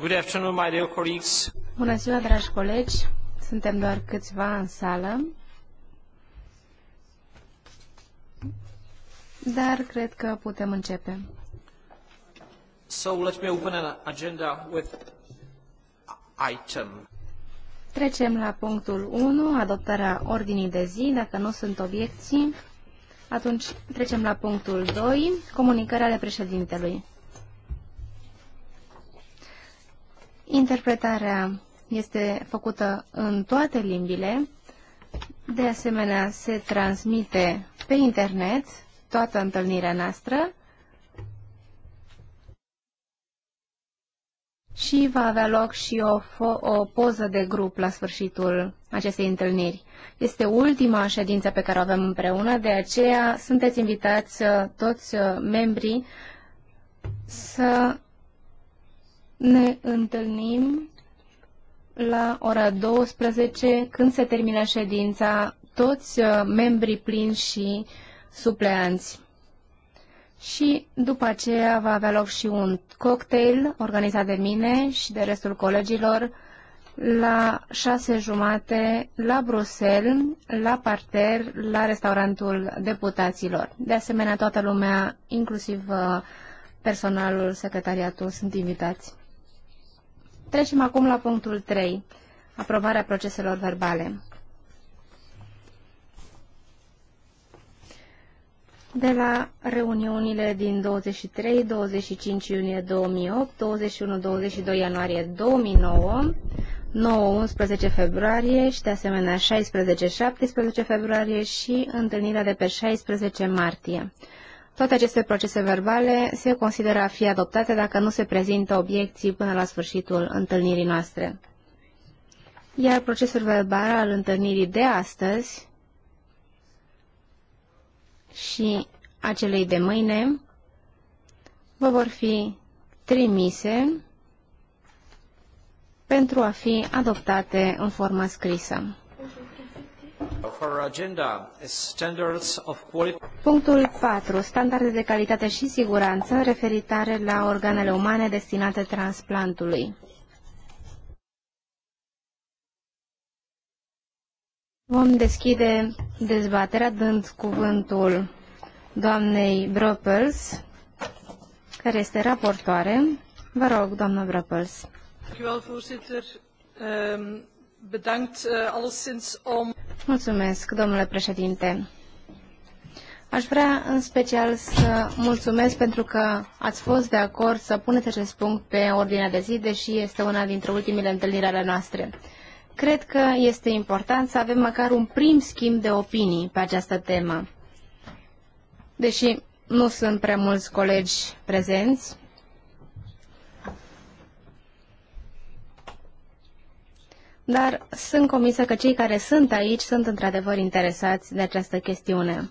Good afternoon, my dear colleagues. Bună ziua, dragi colegi. Suntem doar câțiva în sală. Dar cred că putem începe. So let me open an agenda with item. Trecem la punctul 1, adoptarea ordinii de zi. Dacă nu sunt obiecții, atunci trecem la punctul 2, comunicarea de președintelui. Interpretarea este făcută în toate limbile, de asemenea se transmite pe internet toată întâlnirea noastră și va avea loc și o, o poză de grup la sfârșitul acestei întâlniri. Este ultima ședință pe care o avem împreună, de aceea sunteți invitați uh, toți uh, membrii să ne întâlnim la ora 12, când se termină ședința, toți uh, membrii plini și supleanți. Și după aceea va avea loc și un cocktail organizat de mine și de restul colegilor la șase jumate la Bruxelles, la parter, la restaurantul deputaților. De asemenea, toată lumea, inclusiv uh, personalul, secretariatul, sunt invitați. Trecem acum la punctul 3, aprobarea proceselor verbale. de la reuniunile din 23-25 iunie 2008, 21-22 ianuarie 2009, 9-11 februarie și de asemenea 16-17 februarie și întâlnirea de pe 16 martie. Toate aceste procese verbale se consideră a fi adoptate dacă nu se prezintă obiecții până la sfârșitul întâlnirii noastre. Iar procesul verbal al întâlnirii de astăzi și acelei de mâine vă vor fi trimise pentru a fi adoptate în formă scrisă. Punctul 4. Standarde de calitate și siguranță referitare la organele umane destinate transplantului. Vom deschide dezbaterea dând cuvântul doamnei Bropels, care este raportoare. Vă rog, doamna Bropels. Mulțumesc, Eh, mulțumesc, domnule președinte. Aș vrea în special să mulțumesc pentru că ați fost de acord să puneți acest punct pe ordinea de zi, deși este una dintre ultimele întâlniri ale noastre. Cred că este important să avem măcar un prim schimb de opinii pe această temă. Deși nu sunt prea mulți colegi prezenți, dar sunt convinsă că cei care sunt aici sunt într-adevăr interesați de această chestiune.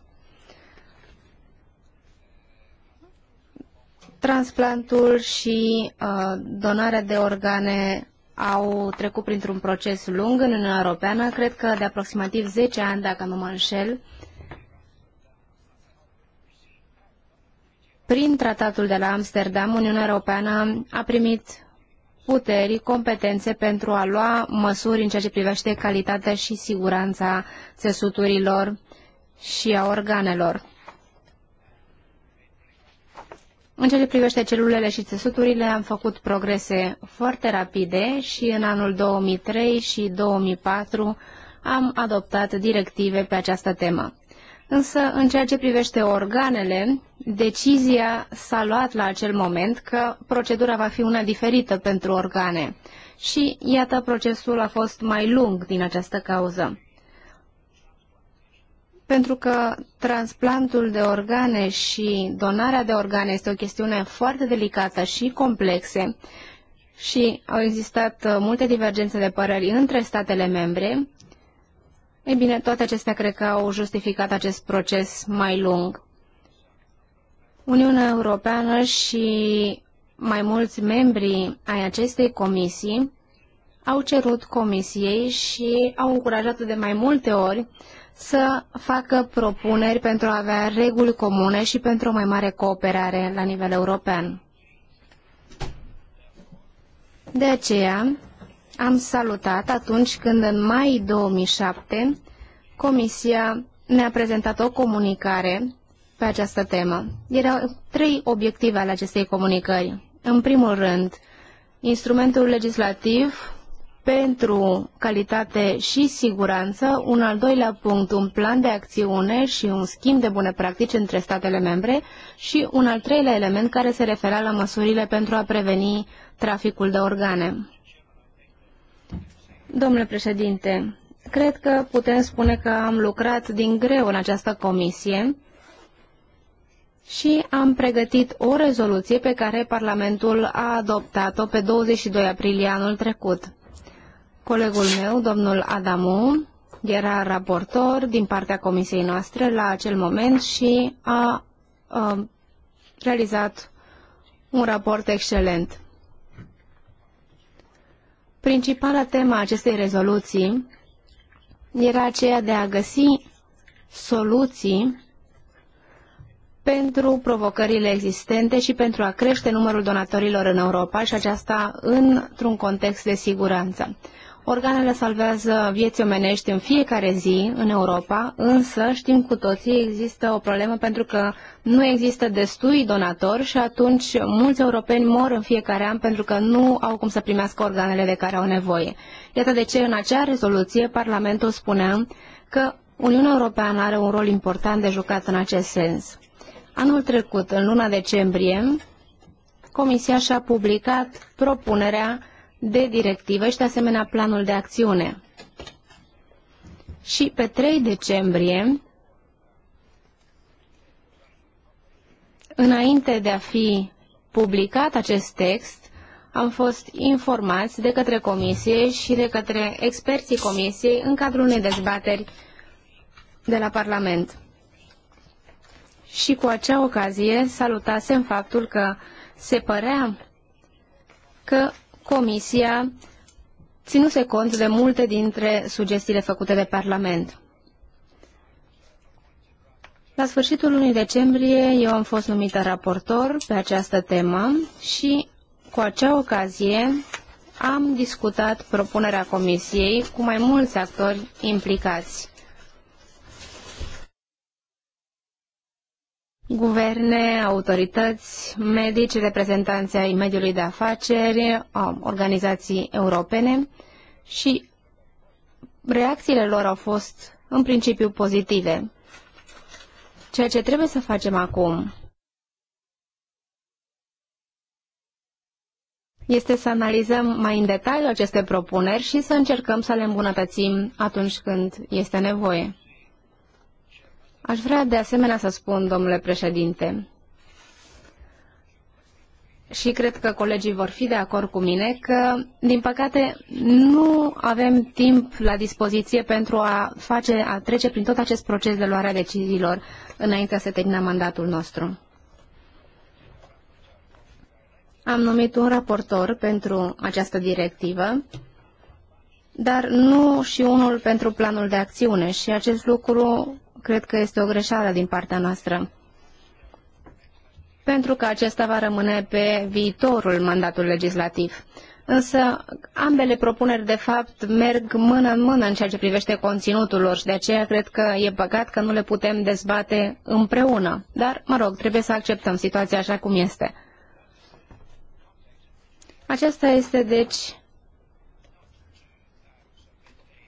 Transplantul și uh, donarea de organe au trecut printr-un proces lung în Uniunea Europeană, cred că de aproximativ 10 ani, dacă nu mă înșel, Prin tratatul de la Amsterdam, Uniunea Europeană a primit puteri, competențe pentru a lua măsuri în ceea ce privește calitatea și siguranța țesuturilor și a organelor. În ceea ce privește celulele și țesuturile, am făcut progrese foarte rapide și în anul 2003 și 2004 am adoptat directive pe această temă. Însă, în ceea ce privește organele, decizia s-a luat la acel moment că procedura va fi una diferită pentru organe. Și, iată, procesul a fost mai lung din această cauză. Pentru că transplantul de organe și donarea de organe este o chestiune foarte delicată și complexe și au existat uh, multe divergențe de păreri între statele membre, ei bine, toate acestea cred că au justificat acest proces mai lung. Uniunea Europeană și mai mulți membri ai acestei comisii au cerut comisiei și au încurajat de mai multe ori să facă propuneri pentru a avea reguli comune și pentru o mai mare cooperare la nivel european. De aceea, am salutat atunci când în mai 2007 Comisia ne-a prezentat o comunicare pe această temă. Erau trei obiective ale acestei comunicări. În primul rând, instrumentul legislativ pentru calitate și siguranță, un al doilea punct, un plan de acțiune și un schimb de bune practici între statele membre și un al treilea element care se referea la măsurile pentru a preveni traficul de organe. Domnule președinte, cred că putem spune că am lucrat din greu în această comisie și am pregătit o rezoluție pe care Parlamentul a adoptat-o pe 22 aprilie anul trecut. Colegul meu, domnul Adamu, era raportor din partea comisiei noastre la acel moment și a, a realizat un raport excelent. Principala temă a acestei rezoluții era aceea de a găsi soluții pentru provocările existente și pentru a crește numărul donatorilor în Europa și aceasta într-un context de siguranță. Organele salvează vieți omenești în fiecare zi în Europa, însă știm cu toții există o problemă pentru că nu există destui donatori și atunci mulți europeni mor în fiecare an pentru că nu au cum să primească organele de care au nevoie. Iată de ce în acea rezoluție Parlamentul spunea că Uniunea Europeană are un rol important de jucat în acest sens. Anul trecut, în luna decembrie, Comisia și-a publicat propunerea de directivă și de asemenea planul de acțiune. Și pe 3 decembrie, înainte de a fi publicat acest text, am fost informați de către comisie și de către experții comisiei în cadrul unei dezbateri de la Parlament. Și cu acea ocazie salutasem faptul că se părea că Comisia ținuse cont de multe dintre sugestiile făcute de Parlament. La sfârșitul lunii decembrie eu am fost numită raportor pe această temă și cu acea ocazie am discutat propunerea Comisiei cu mai mulți actori implicați. Guverne, autorități, medici, reprezentanții ai mediului de afaceri, organizații europene și reacțiile lor au fost în principiu pozitive. Ceea ce trebuie să facem acum este să analizăm mai în detaliu aceste propuneri și să încercăm să le îmbunătățim atunci când este nevoie. Aș vrea de asemenea să spun, domnule președinte, și cred că colegii vor fi de acord cu mine că, din păcate, nu avem timp la dispoziție pentru a, face, a trece prin tot acest proces de luare a deciziilor înainte să termină mandatul nostru. Am numit un raportor pentru această directivă, dar nu și unul pentru planul de acțiune și acest lucru cred că este o greșeală din partea noastră. Pentru că acesta va rămâne pe viitorul mandatul legislativ. Însă ambele propuneri, de fapt, merg mână în mână în ceea ce privește conținutul lor și de aceea cred că e păcat că nu le putem dezbate împreună. Dar, mă rog, trebuie să acceptăm situația așa cum este. Aceasta este, deci,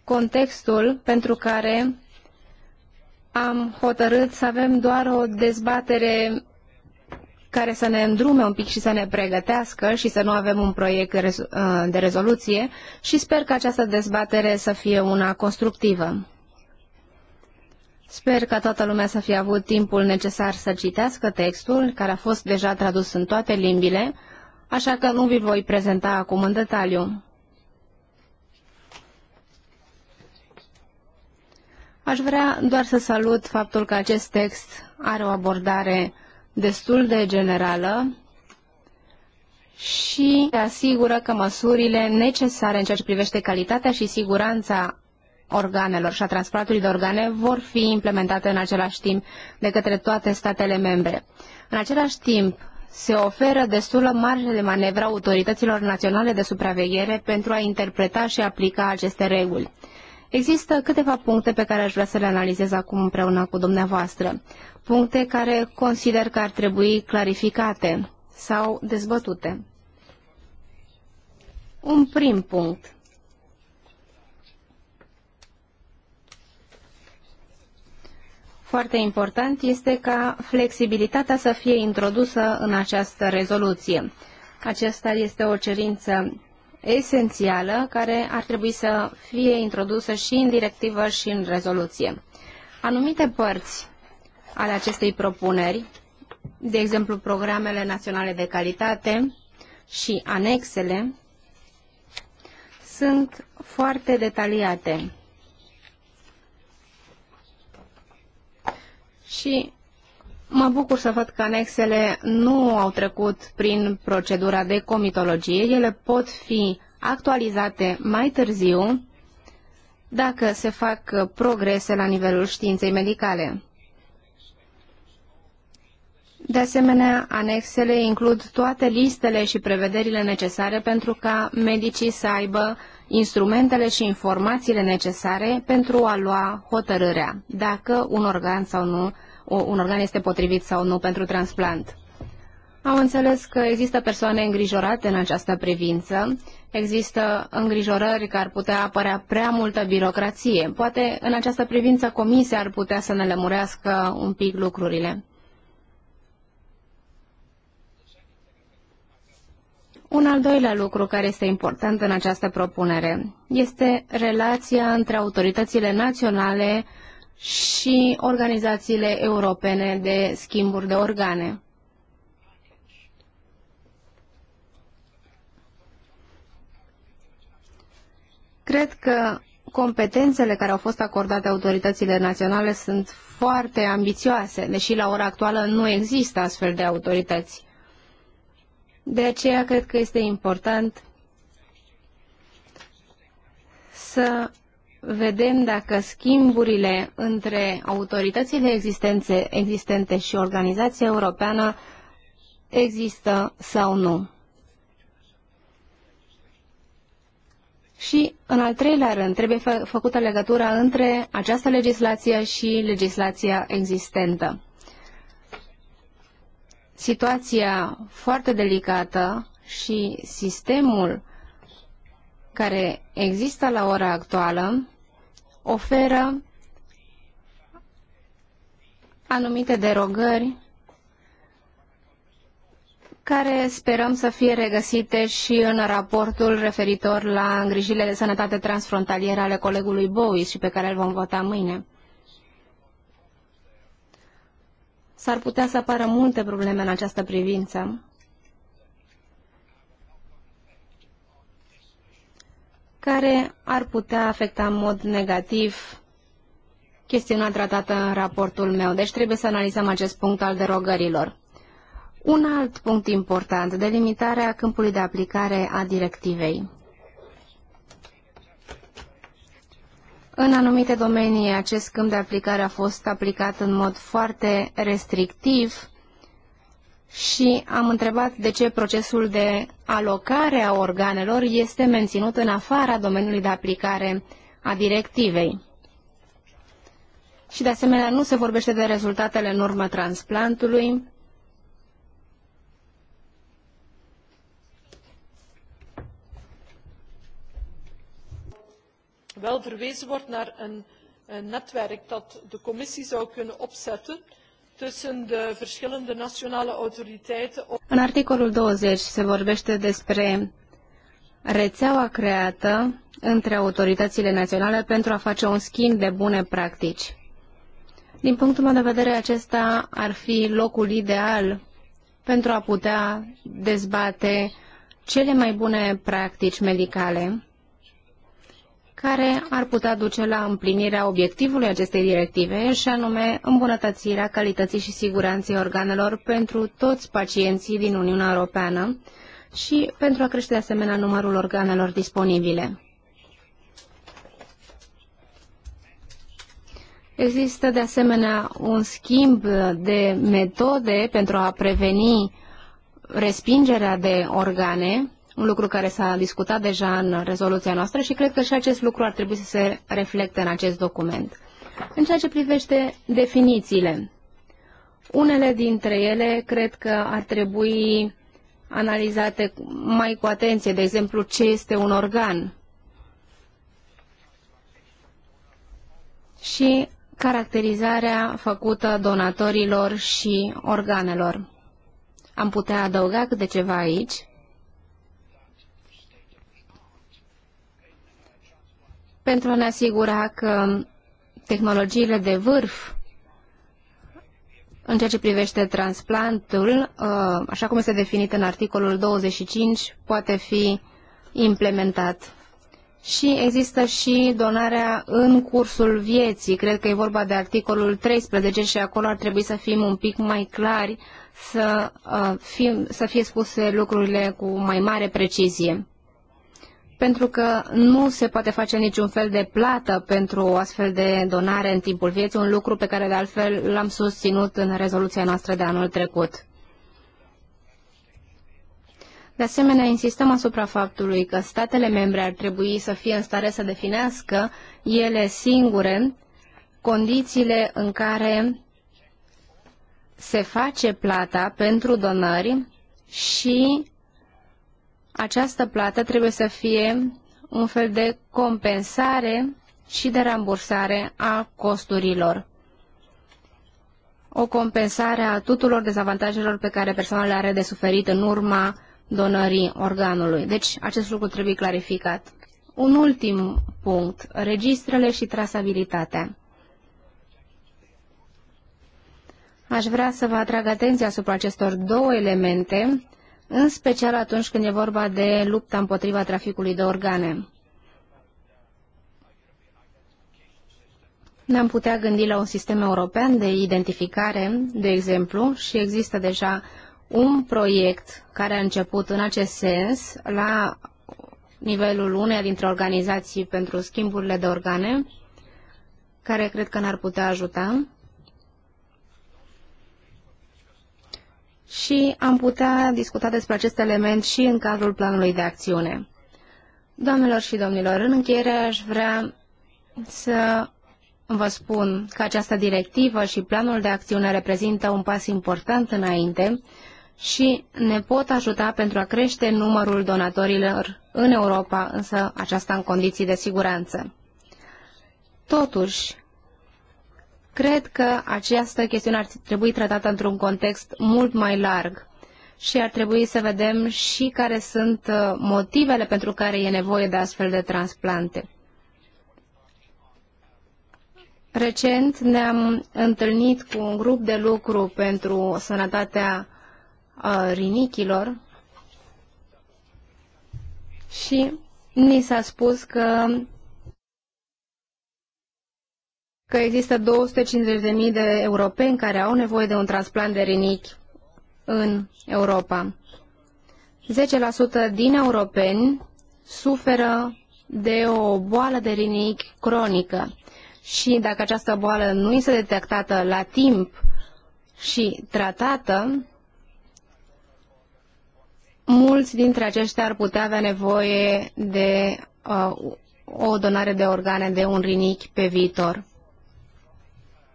contextul pentru care am hotărât să avem doar o dezbatere care să ne îndrume un pic și să ne pregătească și să nu avem un proiect uh, de rezoluție și sper că această dezbatere să fie una constructivă. Sper ca toată lumea să fie avut timpul necesar să citească textul, care a fost deja tradus în toate limbile, așa că nu vi voi prezenta acum în detaliu. Aș vrea doar să salut faptul că acest text are o abordare destul de generală și asigură că măsurile necesare în ceea ce privește calitatea și siguranța organelor și a transportului de organe vor fi implementate în același timp de către toate statele membre. În același timp, se oferă destulă marge de manevră autorităților naționale de supraveghere pentru a interpreta și aplica aceste reguli. Există câteva puncte pe care aș vrea să le analizez acum împreună cu dumneavoastră. Puncte care consider că ar trebui clarificate sau dezbătute. Un prim punct. Foarte important este ca flexibilitatea să fie introdusă în această rezoluție. Aceasta este o cerință esențială care ar trebui să fie introdusă și în directivă și în rezoluție. Anumite părți ale acestei propuneri, de exemplu programele naționale de calitate și anexele, sunt foarte detaliate. Și Mă bucur să văd că anexele nu au trecut prin procedura de comitologie. Ele pot fi actualizate mai târziu dacă se fac progrese la nivelul științei medicale. De asemenea, anexele includ toate listele și prevederile necesare pentru ca medicii să aibă instrumentele și informațiile necesare pentru a lua hotărârea dacă un organ sau nu un organ este potrivit sau nu pentru transplant. Am înțeles că există persoane îngrijorate în această privință, există îngrijorări că ar putea apărea prea multă birocrație. Poate în această privință comisia ar putea să ne lămurească un pic lucrurile. Un al doilea lucru care este important în această propunere este relația între autoritățile naționale și organizațiile europene de schimburi de organe. Cred că competențele care au fost acordate autoritățile naționale sunt foarte ambițioase, deși la ora actuală nu există astfel de autorități. De aceea cred că este important să vedem dacă schimburile între autoritățile existențe, existente și organizația europeană există sau nu. Și, în al treilea rând, trebuie fă făcută legătura între această legislație și legislația existentă. Situația foarte delicată și sistemul care există la ora actuală oferă anumite derogări care sperăm să fie regăsite și în raportul referitor la îngrijile de sănătate transfrontaliere ale colegului Bowis și pe care îl vom vota mâine. S-ar putea să apară multe probleme în această privință. care ar putea afecta în mod negativ chestiunea tratată în raportul meu. Deci trebuie să analizăm acest punct al derogărilor. Un alt punct important, delimitarea câmpului de aplicare a directivei. În anumite domenii, acest câmp de aplicare a fost aplicat în mod foarte restrictiv și am întrebat de ce procesul de alocare a organelor este menținut în afara domeniului de aplicare a directivei. Și de asemenea nu se vorbește de rezultatele în urmă transplantului. Wel verwezen wordt naar een, een netwerk dat de commissie zou kunnen opzetten Uh, În articolul 20 se vorbește despre rețeaua creată între autoritățile naționale pentru a face un schimb de bune practici. Din punctul meu de vedere, acesta ar fi locul ideal pentru a putea dezbate cele mai bune practici medicale care ar putea duce la împlinirea obiectivului acestei directive și anume îmbunătățirea calității și siguranței organelor pentru toți pacienții din Uniunea Europeană și pentru a crește de asemenea numărul organelor disponibile. Există de asemenea un schimb de metode pentru a preveni respingerea de organe un lucru care s-a discutat deja în rezoluția noastră și cred că și acest lucru ar trebui să se reflecte în acest document. În ceea ce privește definițiile, unele dintre ele cred că ar trebui analizate mai cu atenție, de exemplu, ce este un organ și caracterizarea făcută donatorilor și organelor. Am putea adăuga câte ceva aici pentru a ne asigura că tehnologiile de vârf în ceea ce privește transplantul, uh, așa cum este definit în articolul 25, poate fi implementat. Și există și donarea în cursul vieții. Cred că e vorba de articolul 13 și acolo ar trebui să fim un pic mai clari, să, uh, fim, să fie spuse lucrurile cu mai mare precizie pentru că nu se poate face niciun fel de plată pentru o astfel de donare în timpul vieții, un lucru pe care de altfel l-am susținut în rezoluția noastră de anul trecut. De asemenea, insistăm asupra faptului că statele membre ar trebui să fie în stare să definească ele singure condițiile în care se face plata pentru donări și această plată trebuie să fie un fel de compensare și de rambursare a costurilor. O compensare a tuturor dezavantajelor pe care persoana le are de suferit în urma donării organului. Deci acest lucru trebuie clarificat. Un ultim punct, registrele și trasabilitatea. Aș vrea să vă atrag atenția asupra acestor două elemente în special atunci când e vorba de lupta împotriva traficului de organe. Ne-am putea gândi la un sistem european de identificare, de exemplu, și există deja un proiect care a început în acest sens la nivelul uneia dintre organizații pentru schimburile de organe, care cred că n-ar putea ajuta. și am putea discuta despre acest element și în cadrul planului de acțiune. Doamnelor și domnilor, în încheiere aș vrea să vă spun că această directivă și planul de acțiune reprezintă un pas important înainte și ne pot ajuta pentru a crește numărul donatorilor în Europa, însă aceasta în condiții de siguranță. Totuși, Cred că această chestiune ar trebui tratată într-un context mult mai larg și ar trebui să vedem și care sunt uh, motivele pentru care e nevoie de astfel de transplante. Recent ne-am întâlnit cu un grup de lucru pentru sănătatea uh, rinichilor și ni s-a spus că că există 250.000 de europeni care au nevoie de un transplant de rinichi în Europa. 10% din europeni suferă de o boală de rinichi cronică și dacă această boală nu este detectată la timp și tratată, mulți dintre aceștia ar putea avea nevoie de uh, o donare de organe de un rinichi pe viitor.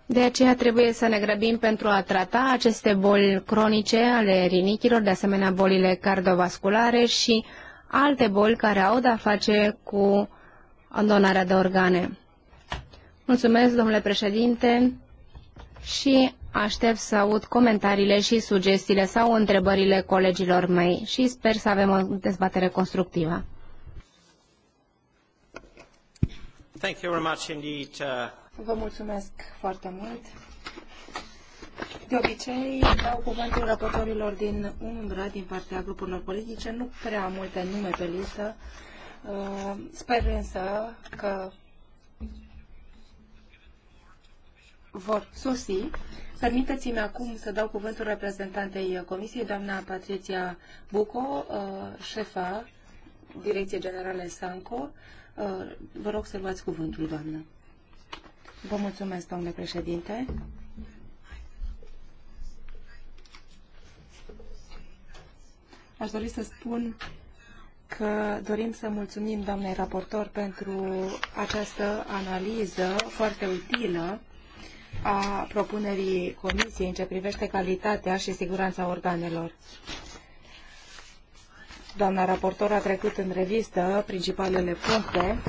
De aceea trebuie să ne grăbim pentru a trata aceste boli cronice ale rinichilor, de asemenea bolile cardiovasculare și alte boli care au de-a face cu donarea de organe. Mulțumesc, domnule președinte, și aștept să aud comentariile și sugestiile sau întrebările colegilor mei și sper să avem o dezbatere constructivă. Thank you very much indeed, uh... Vă mulțumesc foarte mult. De obicei, dau cuvântul raportorilor din umbră, din partea grupurilor politice. Nu prea multe nume pe listă. Uh, sper însă că vor susi. Permiteți-mi acum să dau cuvântul reprezentantei Comisiei, doamna Patricia Buco, uh, șefa Direcției Generale Sanco. Uh, vă rog să luați cuvântul, doamnă. Vă mulțumesc, domnule președinte. Aș dori să spun că dorim să mulțumim doamnei raportor pentru această analiză foarte utilă a propunerii Comisiei în ce privește calitatea și siguranța organelor. Doamna raportor a trecut în revistă principalele puncte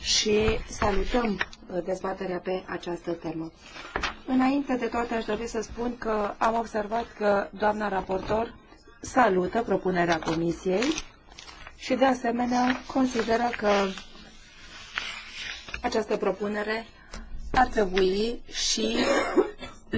și salutăm dezbaterea pe această temă. Înainte de toate, aș dori să spun că am observat că doamna raportor salută propunerea Comisiei și, de asemenea, consideră că această propunere ar trebui și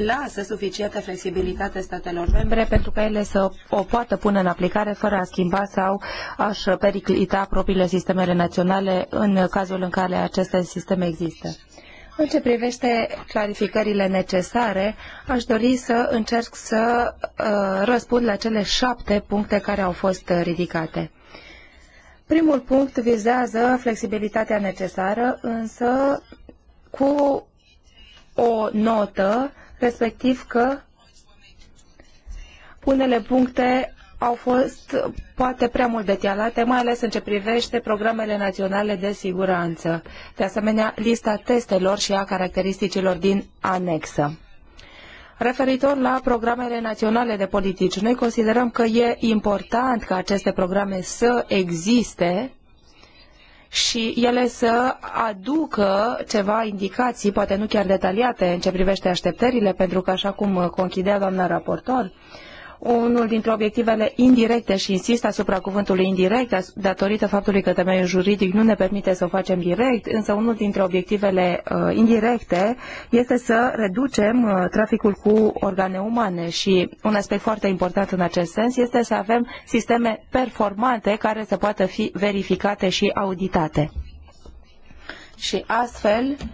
lasă suficientă flexibilitate statelor membre pentru ca ele să o poată pune în aplicare fără a schimba sau a-și periclita propriile sistemele naționale în cazul în care aceste sisteme există. În ce privește clarificările necesare, aș dori să încerc să uh, răspund la cele șapte puncte care au fost ridicate. Primul punct vizează flexibilitatea necesară, însă cu o notă respectiv că unele puncte au fost poate prea mult detialate, mai ales în ce privește programele naționale de siguranță. De asemenea, lista testelor și a caracteristicilor din anexă. Referitor la programele naționale de politici, noi considerăm că e important ca aceste programe să existe și ele să aducă ceva indicații, poate nu chiar detaliate, în ce privește așteptările, pentru că, așa cum conchidea doamna raportor, uh, unul dintre obiectivele indirecte și insist asupra cuvântului indirect datorită faptului că temeiul juridic nu ne permite să o facem direct, însă unul dintre obiectivele uh, indirecte este să reducem uh, traficul cu organe umane și un aspect foarte important în acest sens este să avem sisteme performante care să poată fi verificate și auditate. Și astfel, uh,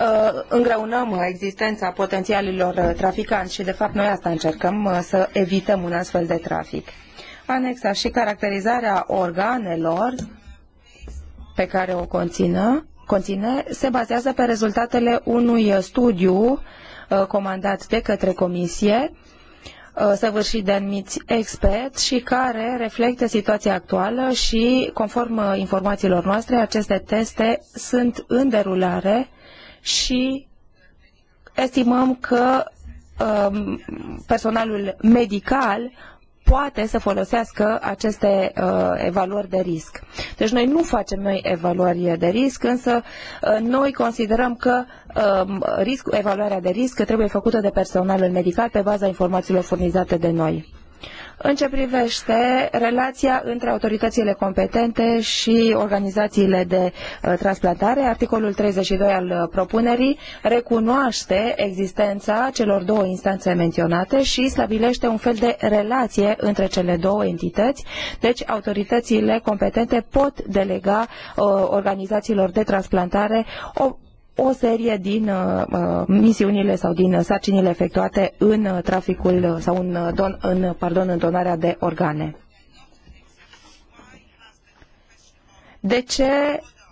Uh, îngreunăm existența potențialilor uh, traficanți și de fapt noi asta încercăm uh, să evităm un astfel de trafic. Anexa și caracterizarea organelor pe care o conțină, conține se bazează pe rezultatele unui studiu comandat de către comisie săvârșit de anumiți experți și care reflectă situația actuală și, conform informațiilor noastre, aceste teste sunt în derulare și estimăm că um, personalul medical poate să folosească aceste uh, evaluări de risc. Deci noi nu facem noi evaluări de risc, însă uh, noi considerăm că uh, risc, evaluarea de risc trebuie făcută de personalul medical pe baza informațiilor furnizate de noi în ce privește relația între autoritățile competente și organizațiile de uh, transplantare. Articolul 32 al uh, propunerii recunoaște existența celor două instanțe menționate și stabilește un fel de relație între cele două entități, deci autoritățile competente pot delega uh, organizațiilor de transplantare o o serie din uh, uh, misiunile sau din sarcinile efectuate în uh, traficul uh, sau în, don, în, pardon, în donarea de organe. De ce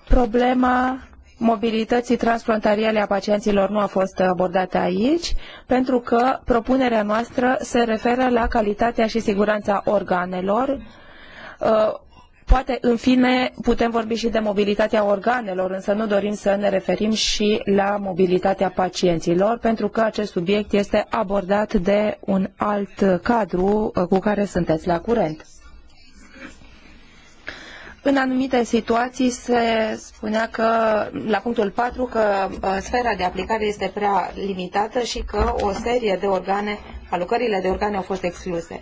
problema mobilității transfrontariale a pacienților nu a fost abordată aici, pentru că propunerea noastră se referă la calitatea și siguranța organelor, Poate, în fine, putem vorbi și de mobilitatea organelor, însă nu dorim să ne referim și la mobilitatea pacienților, pentru că acest subiect este abordat de un alt cadru uh, cu care sunteți la curent. În anumite situații se spunea că, la punctul 4, că uh, sfera de aplicare este prea limitată și că o serie de organe, alocările de organe au fost excluse.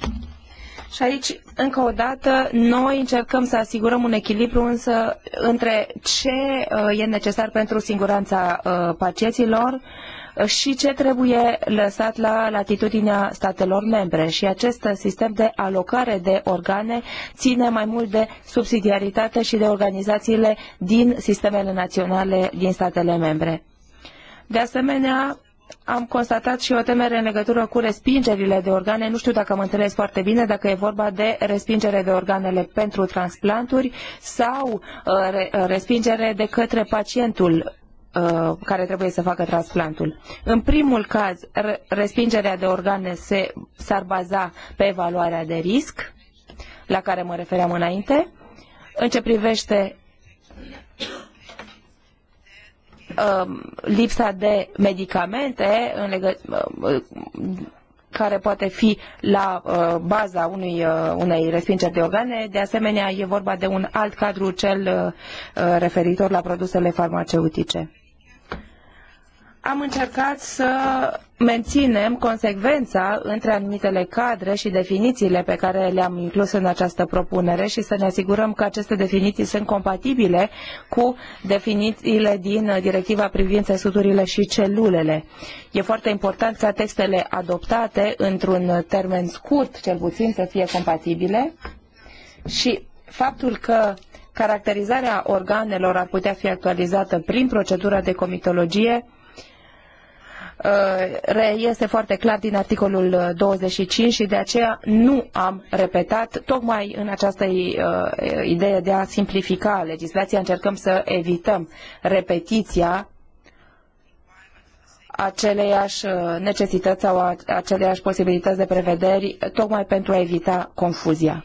Și aici, încă o dată, noi încercăm să asigurăm un echilibru însă între ce uh, e necesar pentru siguranța uh, pacienților uh, și ce trebuie lăsat la latitudinea statelor membre. Și acest sistem de alocare de organe ține mai mult de subsidiaritate și de organizațiile din sistemele naționale din statele membre. De asemenea, am constatat și o temere în legătură cu respingerile de organe. Nu știu dacă mă înțeles foarte bine, dacă e vorba de respingere de organele pentru transplanturi sau uh, uh, respingere de către pacientul uh, care trebuie să facă transplantul. În primul caz, respingerea de organe se, s-ar baza pe evaluarea de risc, la care mă refeream înainte. În ce privește Um, lipsa de medicamente în legă, um, care poate fi la uh, baza unui, uh, unei respingeri de organe. De asemenea, e vorba de un alt cadru, cel uh, referitor la produsele farmaceutice am încercat să menținem consecvența între anumitele cadre și definițiile pe care le-am inclus în această propunere și să ne asigurăm că aceste definiții sunt compatibile cu definițiile din directiva privind țesuturile și celulele. E foarte important ca textele adoptate într-un termen scurt, cel puțin, să fie compatibile și faptul că caracterizarea organelor ar putea fi actualizată prin procedura de comitologie Uh, reiese foarte clar din articolul 25 uh, și de aceea nu am repetat tocmai în această uh, idee de a simplifica legislația încercăm să evităm repetiția aceleiași necesități sau aceleiași posibilități de prevederi, tocmai pentru a evita confuzia.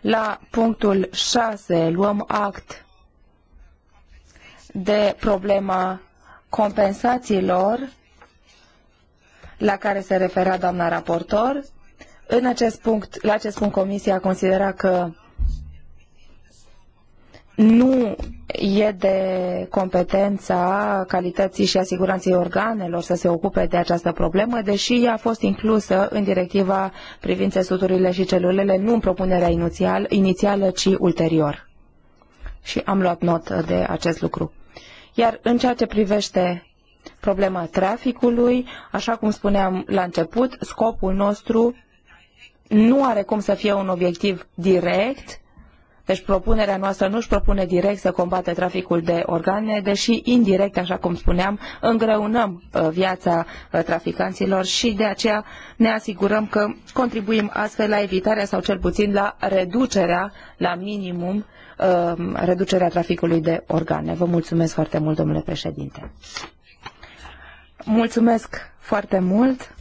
La punctul 6 luăm act de problema compensațiilor la care se referea doamna raportor. În acest punct, la acest punct, Comisia considera că nu e de competența calității și asiguranței organelor să se ocupe de această problemă, deși ea a fost inclusă în directiva privind țesuturile și celulele, nu în propunerea inițial, inițială, ci ulterior. Și am luat notă de acest lucru. Iar în ceea ce privește problema traficului, așa cum spuneam la început, scopul nostru nu are cum să fie un obiectiv direct, deci propunerea noastră nu își propune direct să combată traficul de organe, deși indirect, așa cum spuneam, îngreunăm uh, viața uh, traficanților și de aceea ne asigurăm că contribuim astfel la evitarea sau cel puțin la reducerea, la minimum, um, reducerea traficului de organe. Vă mulțumesc foarte mult, domnule președinte. Mulțumesc foarte mult.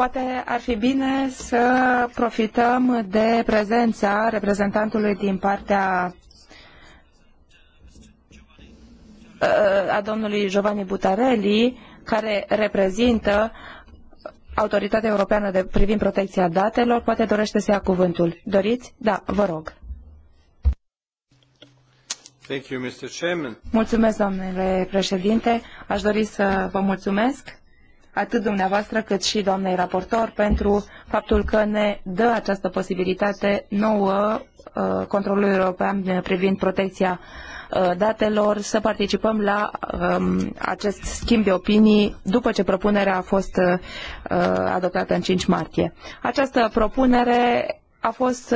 Poate ar fi bine să profităm de prezența reprezentantului din partea uh, a domnului Giovanni Butarelli, care reprezintă Autoritatea Europeană de privind protecția datelor. Poate dorește să ia cuvântul. Doriți? Da, vă rog. Mulțumesc, domnule președinte. Aș dori să vă mulțumesc atât dumneavoastră cât și doamnei raportor pentru faptul că ne dă această posibilitate nouă uh, controlului european privind protecția uh, datelor să participăm la um, acest schimb de opinii după ce propunerea a fost uh, adoptată în 5 martie. Această propunere a fost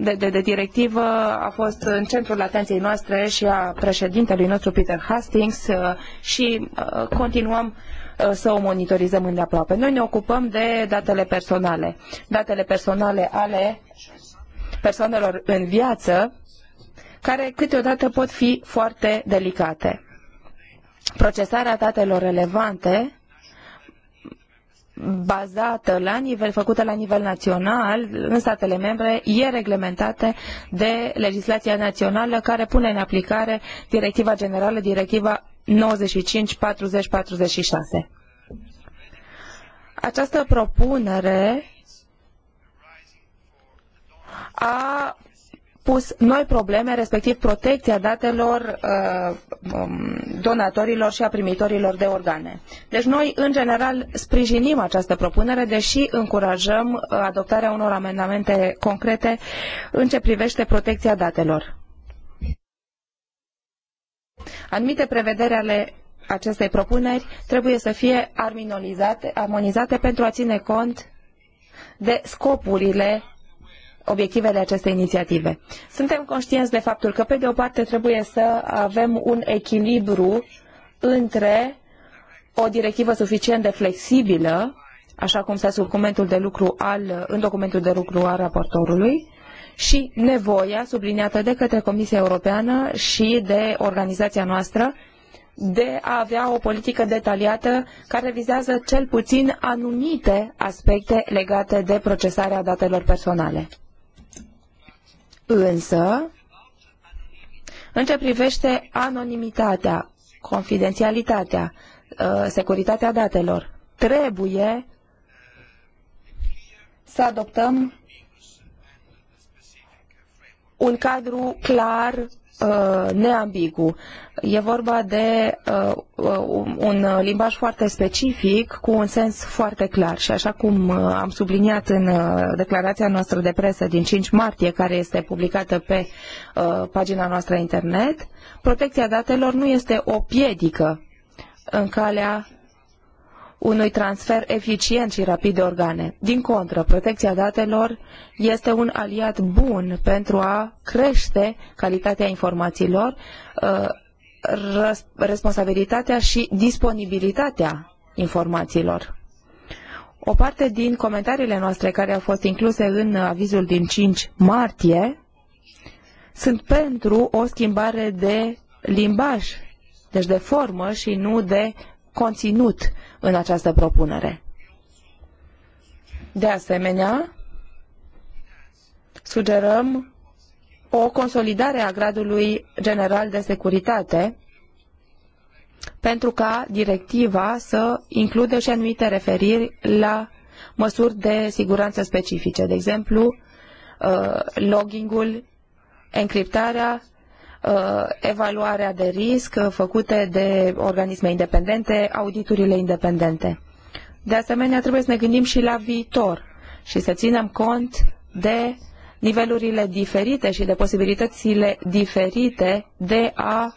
de, de, de directivă, a fost în centrul atenției noastre și a președintelui nostru Peter Hastings și continuăm Uh, să o monitorizăm îndeaproape. Noi ne ocupăm de datele personale. Datele personale ale persoanelor în viață, care câteodată pot fi foarte delicate. Procesarea datelor relevante bazată la nivel, făcută la nivel național în statele membre, e reglementată de legislația națională care pune în aplicare Directiva Generală, Directiva 95, 40, 46. Această propunere a pus noi probleme, respectiv protecția datelor uh, um, donatorilor și a primitorilor de organe. Deci noi, în general, sprijinim această propunere, deși încurajăm adoptarea unor amendamente concrete în ce privește protecția datelor. Anumite prevederi ale acestei propuneri trebuie să fie armonizate pentru a ține cont de scopurile obiectivele acestei inițiative. Suntem conștienți de faptul că, pe de o parte, trebuie să avem un echilibru între o directivă suficient de flexibilă, așa cum s-a documentul de lucru al, în documentul de lucru al raportorului, și nevoia subliniată de către Comisia Europeană și de organizația noastră de a avea o politică detaliată care vizează cel puțin anumite aspecte legate de procesarea datelor personale. Însă, în ce privește anonimitatea, confidențialitatea, uh, securitatea datelor, trebuie să adoptăm un cadru clar uh, neambigu. E vorba de uh, uh, un limbaj foarte specific cu un sens foarte clar și așa cum am subliniat în declarația noastră de presă din 5 martie care este publicată pe pagina noastră internet, protecția datelor nu este o piedică în calea unui transfer eficient și rapid de organe. Din contră, protecția datelor este un aliat bun pentru a crește calitatea informațiilor, uh, responsabilitatea și disponibilitatea informațiilor. O parte din comentariile noastre care au fost incluse în avizul din 5 martie sunt pentru o schimbare de limbaj, deci de formă și nu de conținut în această propunere. De asemenea, sugerăm o consolidare a gradului general de securitate pentru ca directiva să includă și anumite referiri la măsuri de siguranță specifice, de exemplu, uh, logging-ul, encriptarea Uh, evaluarea de risc uh, făcute de organisme independente, auditurile independente. De asemenea, trebuie să ne gândim și la viitor și să ținem cont de nivelurile diferite și de posibilitățile diferite de a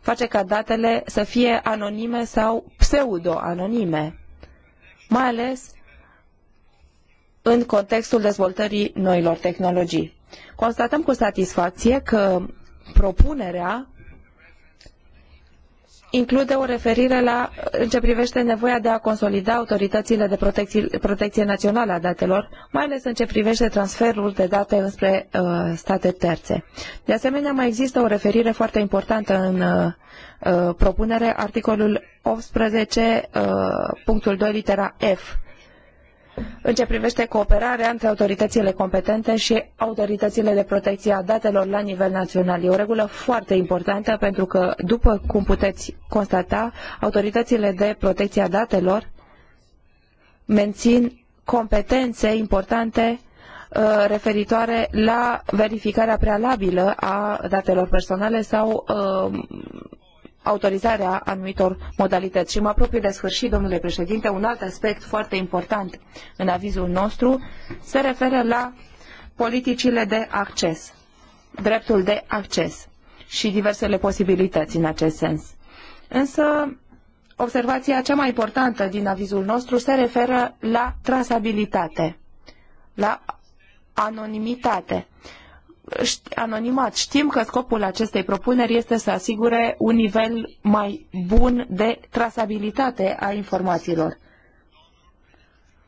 face ca datele să fie anonime sau pseudo-anonime, mai ales în contextul dezvoltării noilor tehnologii. Constatăm cu satisfacție că propunerea include o referire la în ce privește nevoia de a consolida autoritățile de protecție, protecție națională a datelor, mai ales în ce privește transferul de date înspre uh, state terțe. De asemenea, mai există o referire foarte importantă în uh, uh propunere, articolul 18, uh, punctul 2, litera F, în ce privește cooperarea între autoritățile competente și autoritățile de protecție a datelor la nivel național. E o regulă foarte importantă pentru că, după cum puteți constata, autoritățile de protecție a datelor mențin competențe importante uh, referitoare la verificarea prealabilă a datelor personale sau uh, autorizarea anumitor modalități. Și mă apropii de sfârșit, domnule președinte, un alt aspect foarte important în avizul nostru se referă la politicile de acces, dreptul de acces și diversele posibilități în acest sens. Însă, observația cea mai importantă din avizul nostru se referă la trasabilitate, la anonimitate anonimat. Știm că scopul acestei propuneri este să asigure un nivel mai bun de trasabilitate a informațiilor.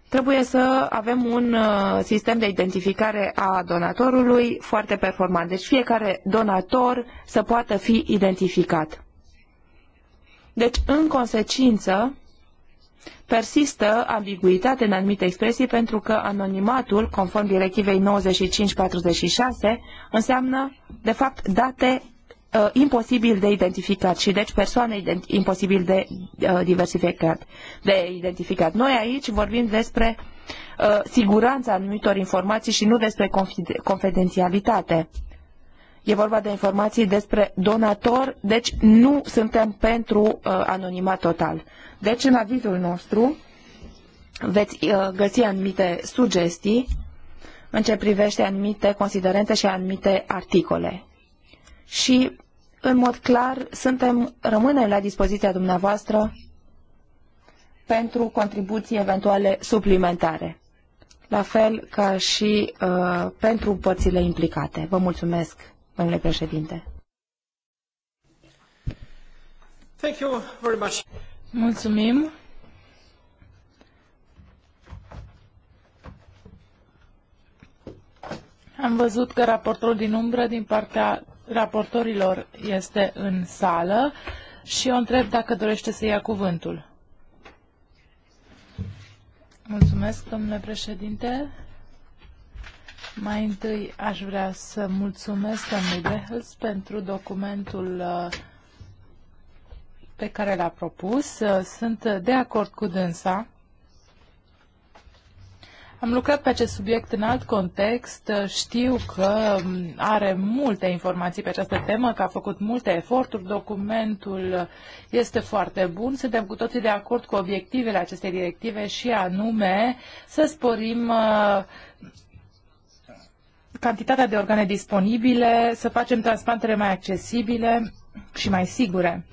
Trebuie să avem un uh, sistem de identificare a donatorului foarte performant. Deci fiecare donator să poată fi identificat. Deci, în consecință, persistă ambiguitate în anumite expresii pentru că anonimatul, conform directivei 9546, înseamnă, de fapt, date uh, imposibil de identificat și deci persoane ident- imposibil de uh, diversificat, de identificat. Noi aici vorbim despre uh, siguranța anumitor informații și nu despre confidențialitate. E vorba de informații despre donator, deci nu suntem pentru uh, anonimat total. Deci, în avizul nostru, veți uh, găsi anumite sugestii în ce privește anumite considerente și anumite articole. Și, în mod clar, suntem, rămânem la dispoziția dumneavoastră pentru contribuții eventuale suplimentare, la fel ca și uh, pentru părțile implicate. Vă mulțumesc, domnule președinte. Thank you very much. Mulțumim. Am văzut că raportorul din umbră din partea raportorilor este în sală și o întreb dacă dorește să ia cuvântul. Mulțumesc, domnule președinte. Mai întâi aș vrea să mulțumesc domnului Behels pentru documentul uh, pe care l-a propus. Uh, sunt de acord cu dânsa. Am lucrat pe acest subiect în alt context. Uh, știu că um, are multe informații pe această temă, că a făcut multe eforturi. Documentul uh, este foarte bun. Suntem cu toții de acord cu obiectivele acestei directive și anume să sporim cantitatea de organe disponibile, să facem transplantele mai accesibile și mai sigure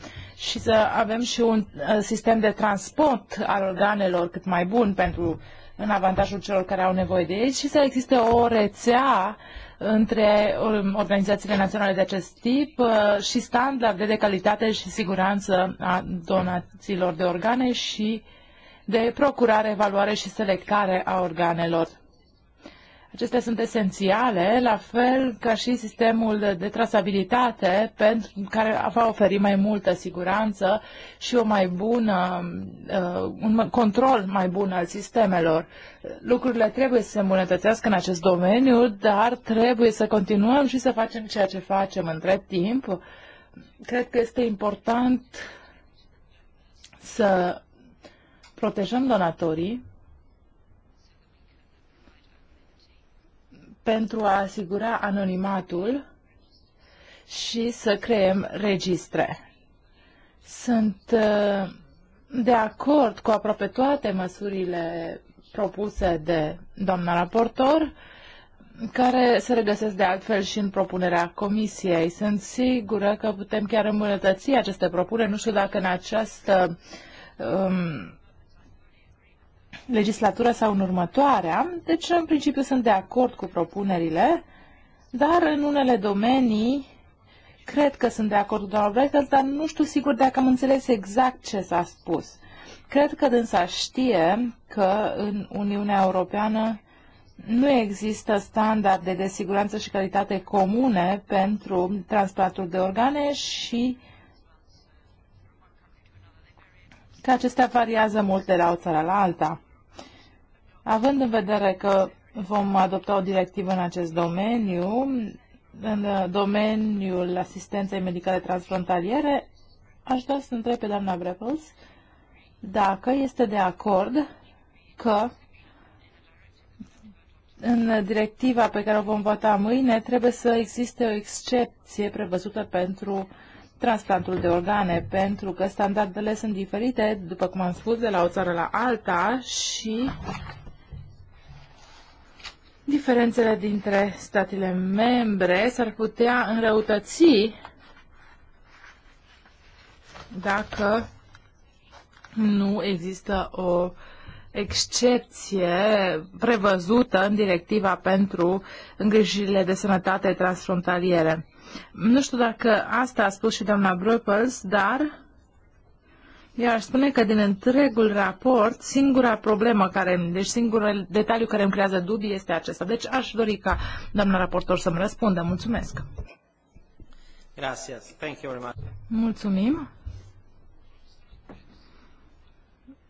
și să avem și un uh, sistem de transport al organelor cât mai bun pentru în avantajul celor care au nevoie de ei și să existe o rețea între um, organizațiile naționale de acest tip uh, și standarde de calitate și siguranță a donațiilor de organe și de procurare, evaluare și selectare a organelor Acestea sunt esențiale, la fel ca și sistemul de trasabilitate, pentru care va oferi mai multă siguranță și o mai bună, uh, un control mai bun al sistemelor. Lucrurile trebuie să se îmbunătățească în acest domeniu, dar trebuie să continuăm și să facem ceea ce facem între timp. Cred că este important să protejăm donatorii, pentru a asigura anonimatul și să creăm registre. Sunt uh, de acord cu aproape toate măsurile propuse de doamna raportor, care se regăsesc de altfel și în propunerea comisiei. Sunt sigură că putem chiar îmbunătăți aceste propuneri. Nu știu dacă în această um, legislatură sau în următoarea, deci în principiu sunt de acord cu propunerile, dar în unele domenii cred că sunt de acord cu doamna Breckers, dar nu știu sigur dacă am înțeles exact ce s-a spus. Cred că dânsa știe că în Uniunea Europeană nu există standarde de siguranță și calitate comune pentru transplantul de organe și uh, că acestea variază mult de la o țară la alta. Având în vedere că vom adopta o directivă în acest domeniu, în domeniul asistenței medicale transfrontaliere, aș vrea să întreb pe doamna Brepels dacă este de acord că în directiva pe care o vom vota mâine trebuie să existe o excepție prevăzută pentru uh, transplantul de organe, pentru că standardele sunt diferite, după cum am spus, de la o țară la alta și diferențele dintre statele membre s-ar putea înrăutăți dacă nu există o excepție prevăzută în directiva pentru îngrijirile de sănătate transfrontaliere. Nu știu dacă asta a spus și doamna Broepels, dar ea aș spune că din întregul raport, singura problemă care, deci singurul detaliu care îmi creează dubii este acesta. Deci aș dori ca doamna raportor să-mi răspundă. Mulțumesc. Gracias. Thank you very much. Mulțumim.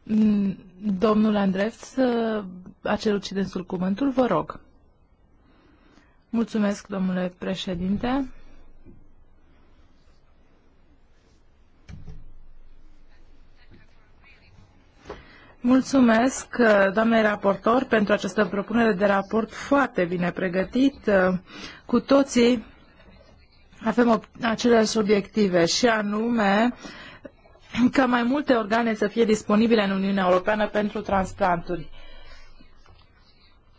Mm, domnul Andreev uh, a cerut și cuvântul, vă rog. Mulțumesc, domnule președinte. Mulțumesc, uh, doamnei raportor, pentru această propunere de raport foarte bine pregătit. Uh, cu toții avem aceleași obiective și anume ca mai multe organe să fie disponibile în Uniunea Europeană pentru transplanturi.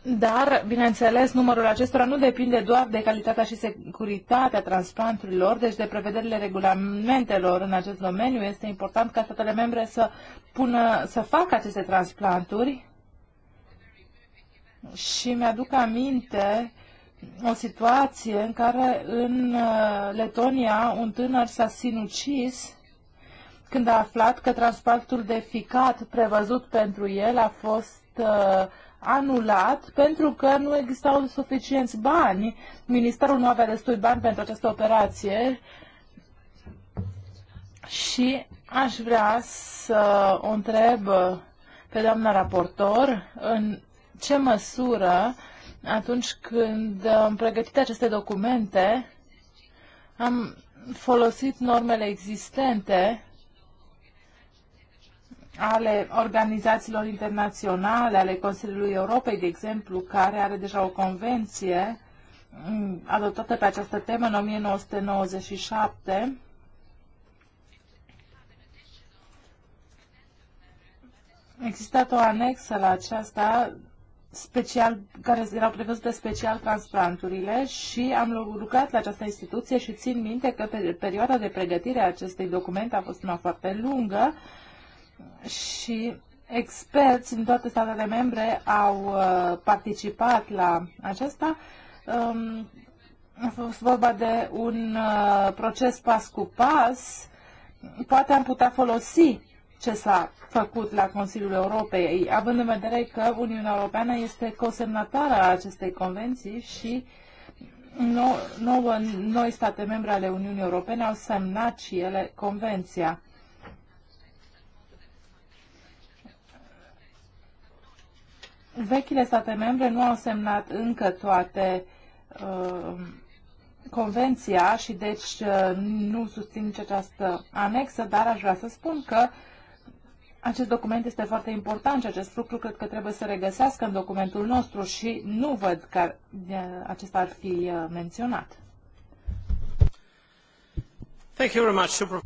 Dar, bineînțeles, numărul acestora nu depinde doar de calitatea și securitatea transplanturilor, deci de prevederile regulamentelor în acest domeniu. Este important ca statele membre să, pună, să facă aceste transplanturi și mi-aduc aminte o situație în care în uh, Letonia un tânăr s-a sinucis când a aflat că transplantul de ficat prevăzut pentru el a fost uh, anulat pentru că nu existau suficienți bani. Ministerul nu avea destui bani pentru această operație și aș vrea să o întreb pe doamna raportor în ce măsură atunci când am pregătit aceste documente am folosit normele existente ale organizațiilor internaționale, ale Consiliului Europei, de exemplu, care are deja o convenție mm, adoptată pe această temă în 1997. Există o anexă la aceasta special, care erau prevăzute special transplanturile și am lucrat la această instituție și țin minte că perioada de pregătire a acestui document a fost una foarte lungă și experți din toate statele membre au uh, participat la aceasta. Um, a fost vorba de un uh, proces pas cu pas. Poate am putea folosi ce s-a făcut la Consiliul Europei, având în vedere că Uniunea Europeană este cosemnatară a acestei convenții și nouă, noi state membre ale Uniunii Europene au semnat și ele convenția. vechile state membre nu au semnat încă toate uh, convenția și deci uh, nu susțin nici această anexă, dar aș vrea să spun că acest document este foarte important și acest lucru cred că trebuie să regăsească în documentul nostru și nu văd că uh, acesta ar fi uh, menționat. Thank you very much.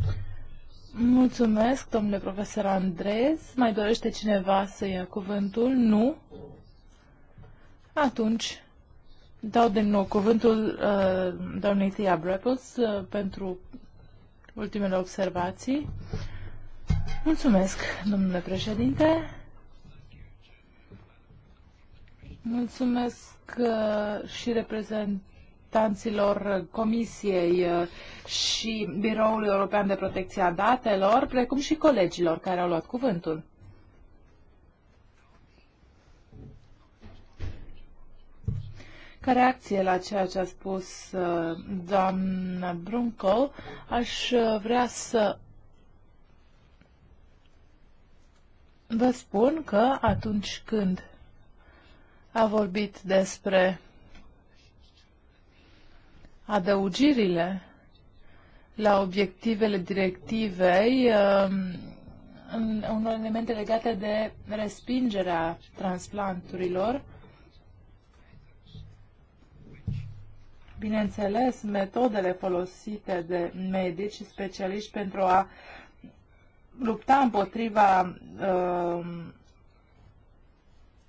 Mulțumesc, domnule profesor Andres. Mai dorește cineva să ia cuvântul? Nu? Atunci dau din nou cuvântul uh, doamnei Tia Breppels uh, pentru ultimele observații. Mulțumesc, domnule președinte. Mulțumesc uh, și reprezent reprezentanților Comisiei eh, și Biroului European de Protecție a Datelor, precum și colegilor care au luat cuvântul. Ca reacție la ceea ce a spus eh, doamna Brunco, aș eh, vrea să vă spun că atunci când a vorbit despre adăugirile la obiectivele directivei um, în unor elemente legate de respingerea transplanturilor. Bineînțeles, metodele folosite de medici și specialiști pentru a lupta împotriva uh,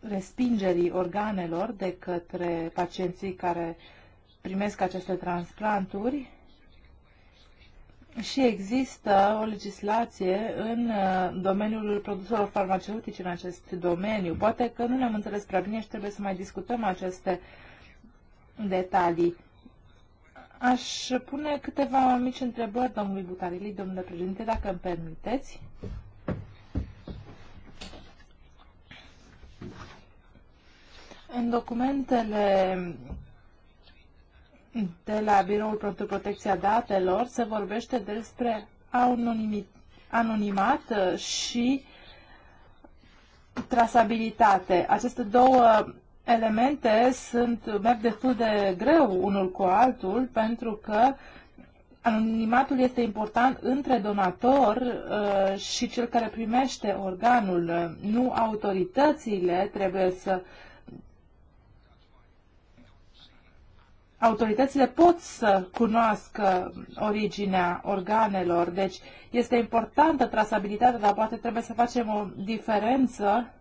respingerii organelor de către pacienții care uh, primesc aceste transplanturi și există o legislație în uh, domeniul produselor farmaceutice în acest domeniu. Poate că nu ne-am înțeles prea bine și trebuie să mai discutăm aceste detalii. Aș pune câteva mici întrebări domnului Butarili, domnule președinte, dacă îmi permiteți. În documentele de la Biroul pentru Protecția Datelor se vorbește despre anonimat uh, și trasabilitate. Aceste două elemente sunt, merg destul de greu unul cu altul pentru că anonimatul este important între donator uh, și cel care primește organul. Nu autoritățile trebuie să autoritățile pot să cunoască originea organelor, deci este importantă trasabilitatea, dar poate trebuie să facem o diferență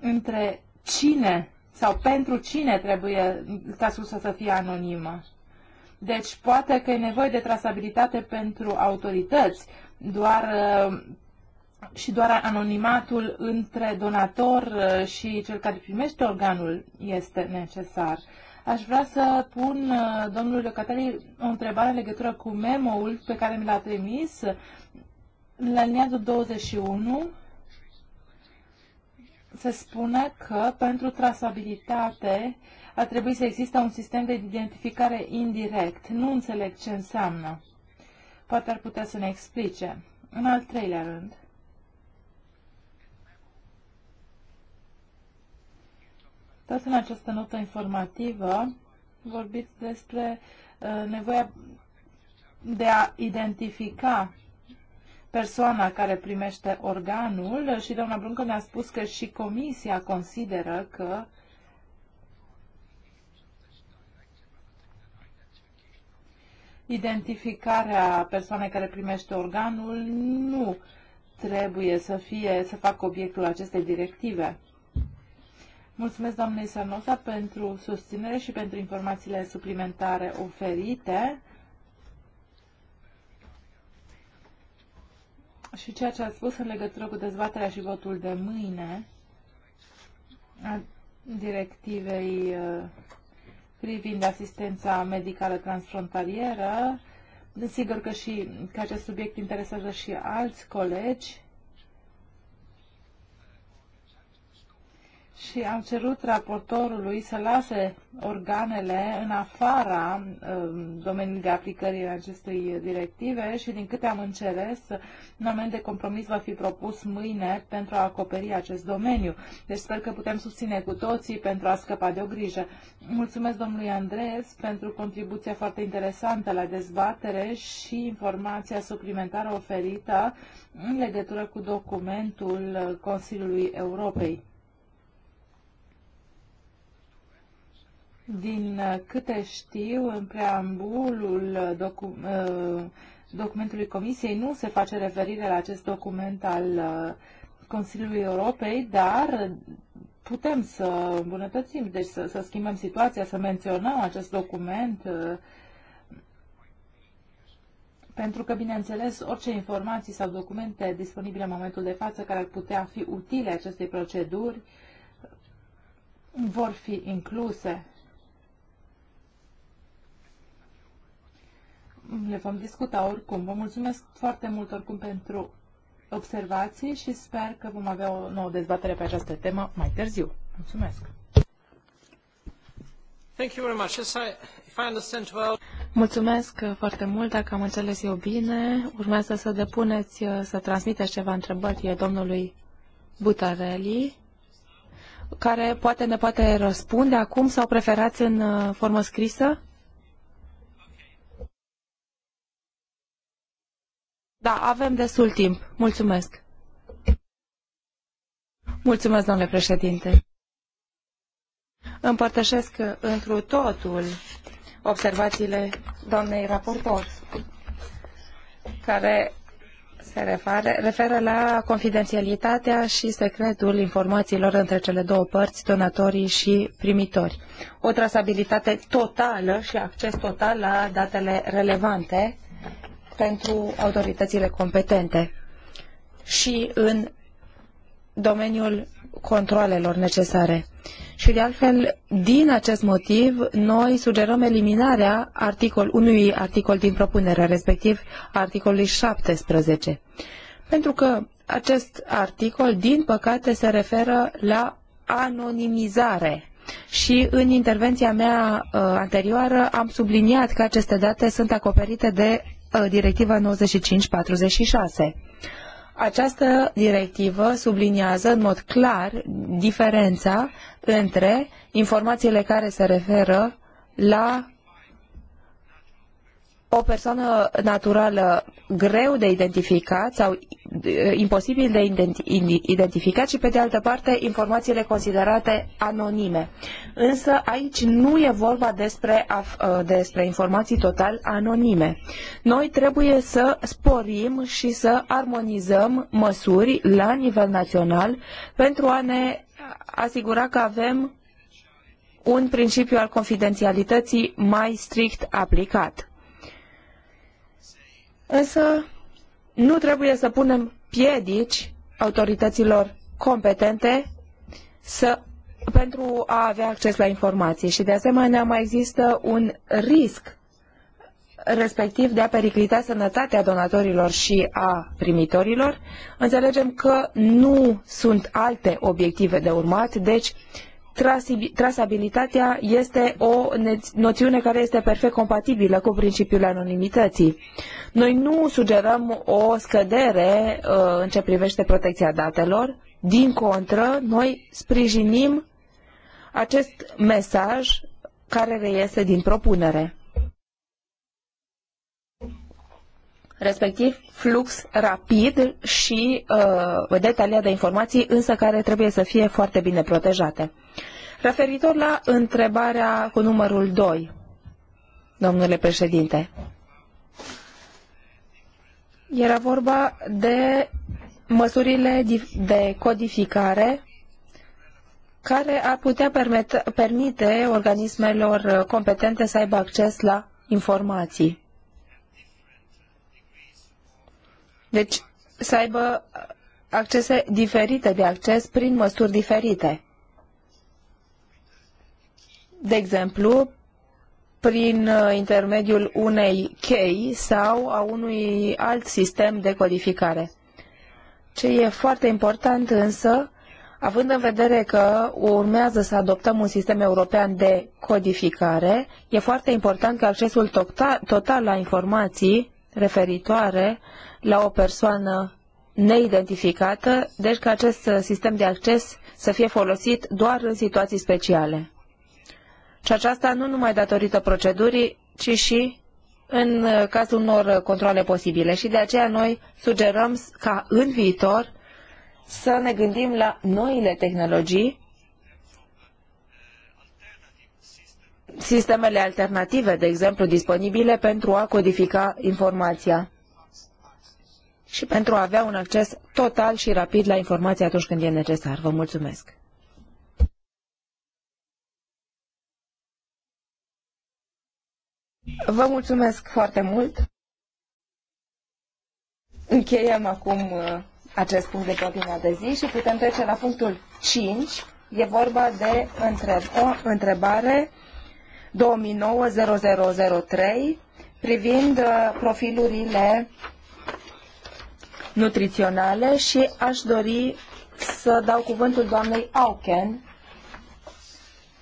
între cine sau pentru cine trebuie ca sursă să fie anonimă. Deci poate că e nevoie de trasabilitate pentru autorități, doar uh, și doar anonimatul între donator uh, și cel care primește organul este necesar. Aș vrea să pun uh, domnului Locatari o întrebare în legătură cu memo-ul pe care mi l-a trimis la liniatul 21 se spune că pentru trasabilitate ar trebui să existe un sistem de identificare indirect. Nu înțeleg ce înseamnă. Poate ar putea să ne explice. În al treilea rând, Tot în această notă informativă vorbiți despre uh, nevoia de a identifica persoana care primește organul și doamna Bruncă ne-a spus că și comisia consideră că identificarea persoanei care primește organul nu trebuie să fie, să facă obiectul acestei directive. Mulțumesc doamnei Sanota pentru susținere și pentru informațiile suplimentare oferite. Și ceea ce ați spus în legătură cu dezbaterea și votul de mâine a directivei uh, privind asistența medicală transfrontalieră, sigur că și că acest subiect interesează și alți colegi și am cerut raportorului să lase organele în afara um, domeniului de aplicării acestei directive și din câte am înțeles, un amend de compromis va fi propus mâine pentru a acoperi acest domeniu. Deci sper că putem susține cu toții pentru a scăpa de o grijă. Mulțumesc domnului Andres pentru contribuția foarte interesantă la dezbatere și informația suplimentară oferită în legătură cu documentul Consiliului Europei. Din uh, câte știu, în preambulul uh, docu uh, documentului Comisiei nu se face referire la acest document al Consiliului Europei, dar putem să îmbunătățim, deci să, să schimbăm situația, să menționăm acest document, pentru că, bineînțeles, orice informații sau documente disponibile în momentul de față care ar putea fi utile acestei proceduri vor fi incluse. le vom discuta oricum. Vă mulțumesc foarte mult oricum pentru observații și sper că vom avea o nouă dezbatere pe această temă mai târziu. Mulțumesc! Thank you very much. Yes, I, if I understand well... Mulțumesc foarte mult, dacă am înțeles eu bine. Urmează să depuneți, să transmiteți ceva întrebări domnului Butarelli, care poate ne poate răspunde acum sau preferați în formă scrisă? Da, avem destul timp. Mulțumesc. Mulțumesc, domnule președinte. Împărtășesc întru totul observațiile doamnei raportor, care se referă la confidențialitatea și secretul informațiilor între cele două părți, donatorii și primitori. O trasabilitate totală și acces total la datele relevante pentru autoritățile competente și în domeniul controlelor necesare. Și de altfel, din acest motiv, noi sugerăm eliminarea articol, unui articol din propunere, respectiv articolului 17. Pentru că acest articol, din păcate, se referă la anonimizare. Și în intervenția mea uh, anterioară am subliniat că aceste date sunt acoperite de Uh, Directiva 9546. Această directivă subliniază în mod clar diferența între informațiile care se referă la o persoană naturală greu de identificat sau imposibil de identificat și, pe de altă parte, informațiile considerate anonime. Însă aici nu e vorba despre, ă, despre informații total anonime. Noi trebuie să sporim și să armonizăm măsuri la nivel național pentru a ne asigura că avem un principiu al confidențialității mai strict aplicat. Însă, nu trebuie să punem piedici autorităților competente să, pentru a avea acces la informații. Și de asemenea mai există un risc respectiv de a periclita sănătatea donatorilor și a primitorilor, înțelegem că nu sunt alte obiective de urmat, deci trasabilitatea este o noțiune care este perfect compatibilă cu principiul anonimității. Noi nu sugerăm o scădere uh, în ce privește protecția datelor, din contră, noi sprijinim acest mesaj care reiese din propunere. respectiv flux rapid și uh, detaliat de informații, însă care trebuie să fie foarte bine protejate. Referitor la întrebarea cu numărul 2, domnule președinte, era vorba de măsurile de codificare care ar putea permite organismelor competente să aibă acces la informații. Deci să aibă accese diferite de acces prin măsuri diferite. De exemplu, prin uh, intermediul unei chei sau a unui alt sistem de codificare. Ce e foarte important însă, având în vedere că urmează să adoptăm un sistem european de codificare, e foarte important că accesul total la informații referitoare la o persoană neidentificată, deci că acest uh, sistem de acces să fie folosit doar în situații speciale. Și aceasta nu numai datorită procedurii, ci și în uh, cazul unor uh, controle posibile. Și de aceea noi sugerăm ca în viitor să ne gândim la noile tehnologii, sistemele alternative, de exemplu, disponibile pentru a codifica informația și pentru a avea un acces total și rapid la informații atunci când e necesar. Vă mulțumesc! Vă mulțumesc foarte mult! Încheiem acum uh, acest punct de pe ordinea de zi și putem trece la punctul 5. E vorba de întreb o întrebare 2009-0003 privind uh, profilurile nutriționale și aș dori să dau cuvântul doamnei Auken,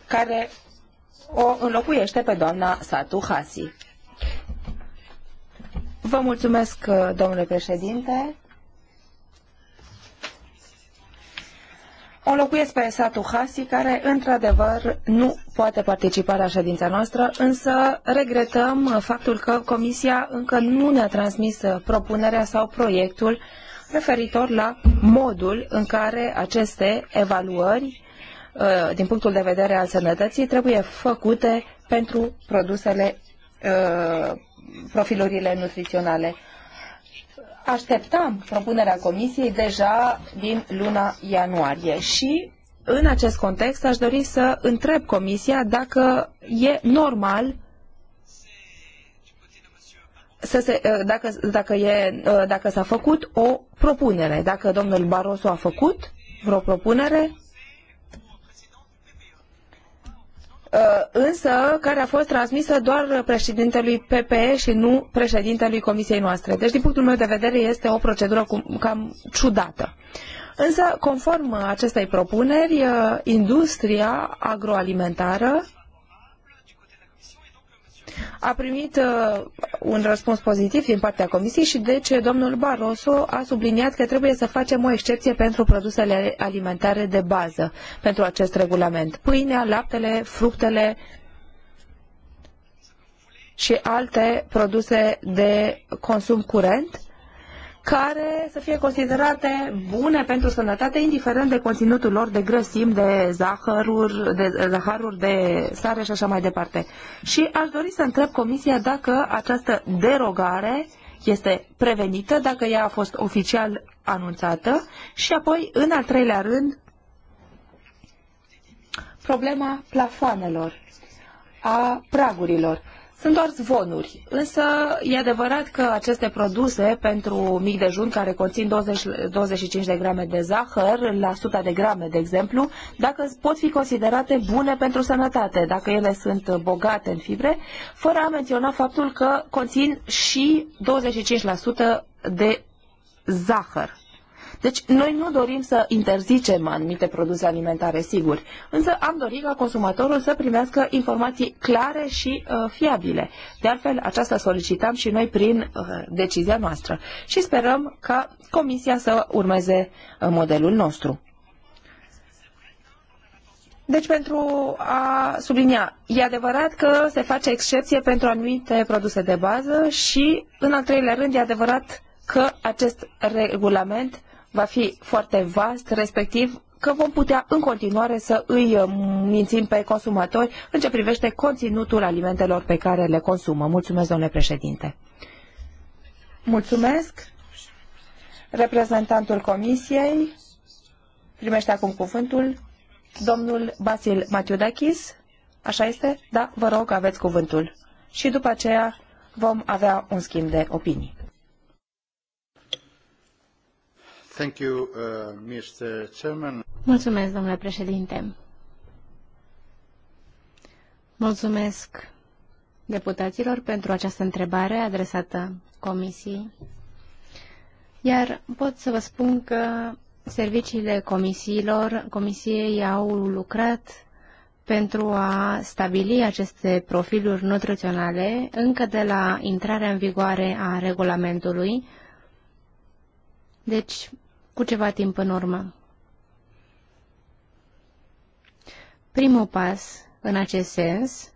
care o înlocuiește pe doamna Satu Hasi. Vă mulțumesc, domnule președinte. o locuiesc pe Satu Hasi, care într-adevăr nu poate participa la ședința noastră, însă regretăm faptul că Comisia încă nu ne-a transmis propunerea sau proiectul referitor la modul în care aceste evaluări uh, din punctul de vedere al sănătății trebuie făcute pentru produsele uh, profilurile nutriționale așteptam propunerea Comisiei deja din luna ianuarie și în acest context aș dori să întreb Comisia dacă e normal să se, uh, dacă, dacă, e, uh, dacă s-a făcut o propunere, dacă domnul Barroso a făcut vreo propunere Uh, însă care a fost transmisă doar președintelui PPE și nu președintelui comisiei noastre. Deci, din punctul meu de vedere, este o procedură cam ciudată. Însă, conform acestei propuneri, uh, industria agroalimentară a primit uh, un răspuns pozitiv din partea Comisiei și deci domnul Barroso a subliniat că trebuie să facem o excepție pentru produsele alimentare de bază pentru acest regulament. Pâinea, laptele, fructele și alte produse de consum curent care să fie considerate bune pentru sănătate, indiferent de conținutul lor de grăsim, de zahăruri, de, zahăruri, de sare și așa mai departe. Și aș dori să întreb Comisia dacă această derogare este prevenită, dacă ea a fost oficial anunțată și apoi, în al treilea rând, problema plafanelor, a pragurilor. Sunt doar zvonuri, însă e adevărat că aceste produse pentru mic dejun care conțin 20, 25 de grame de zahăr la 100 de grame, de exemplu, dacă pot fi considerate bune pentru sănătate, dacă ele sunt bogate în fibre, fără a menționa faptul că conțin și 25% de zahăr. Deci noi nu dorim să interzicem anumite produse alimentare, sigur, însă am dorit ca consumatorul să primească informații clare și uh, fiabile. De altfel, aceasta solicitam și noi prin uh, decizia noastră și sperăm ca Comisia să urmeze uh, modelul nostru. Deci pentru a sublinia, e adevărat că se face excepție pentru anumite produse de bază și, în al treilea rând, e adevărat că acest regulament va fi foarte vast, respectiv că vom putea în continuare să îi uh, mințim pe consumatori în ce privește conținutul alimentelor pe care le consumă. Mulțumesc, domnule președinte. Mulțumesc. Reprezentantul Comisiei primește acum cuvântul domnul Basil Matiudakis. Așa este? Da, vă rog, aveți cuvântul. Și după aceea vom avea un schimb de opinii. Thank you, uh, Mr. Chairman. Mulțumesc, domnule președinte. Mulțumesc deputaților pentru această întrebare adresată Comisiei. Iar pot să vă spun că serviciile comisiilor, comisiei au lucrat pentru a stabili aceste profiluri nutriționale încă de la intrarea în vigoare a regulamentului. Deci, cu ceva timp în urmă. Primul pas în acest sens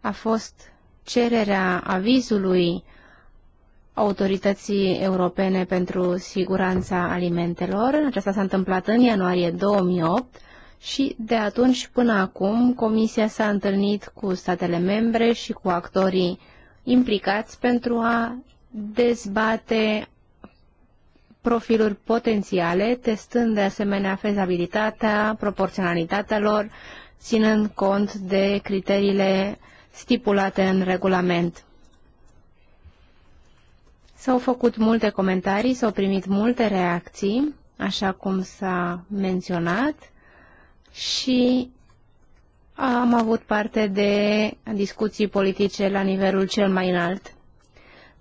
a fost cererea avizului Autorității Europene pentru Siguranța Alimentelor. Aceasta s-a întâmplat în ianuarie 2008 și de atunci până acum Comisia s-a întâlnit cu statele membre și cu actorii implicați pentru a dezbate profiluri potențiale, testând de asemenea fezabilitatea, proporționalitatea lor, ținând cont de criteriile stipulate în regulament. S-au făcut multe comentarii, s-au primit multe reacții, așa cum s-a menționat, și am avut parte de discuții politice la nivelul cel mai înalt.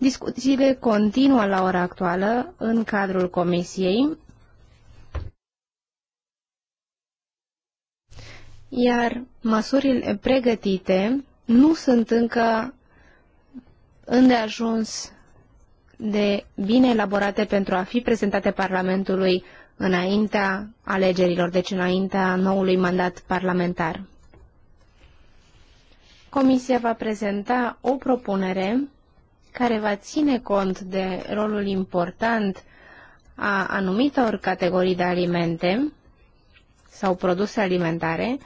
Discuțiile continuă la ora actuală în cadrul Comisiei, iar măsurile pregătite nu sunt încă îndeajuns de bine elaborate pentru a fi prezentate Parlamentului înaintea alegerilor, deci înaintea noului mandat parlamentar. Comisia va prezenta o propunere care va ține cont de rolul important a anumitor categorii de alimente sau produse alimentare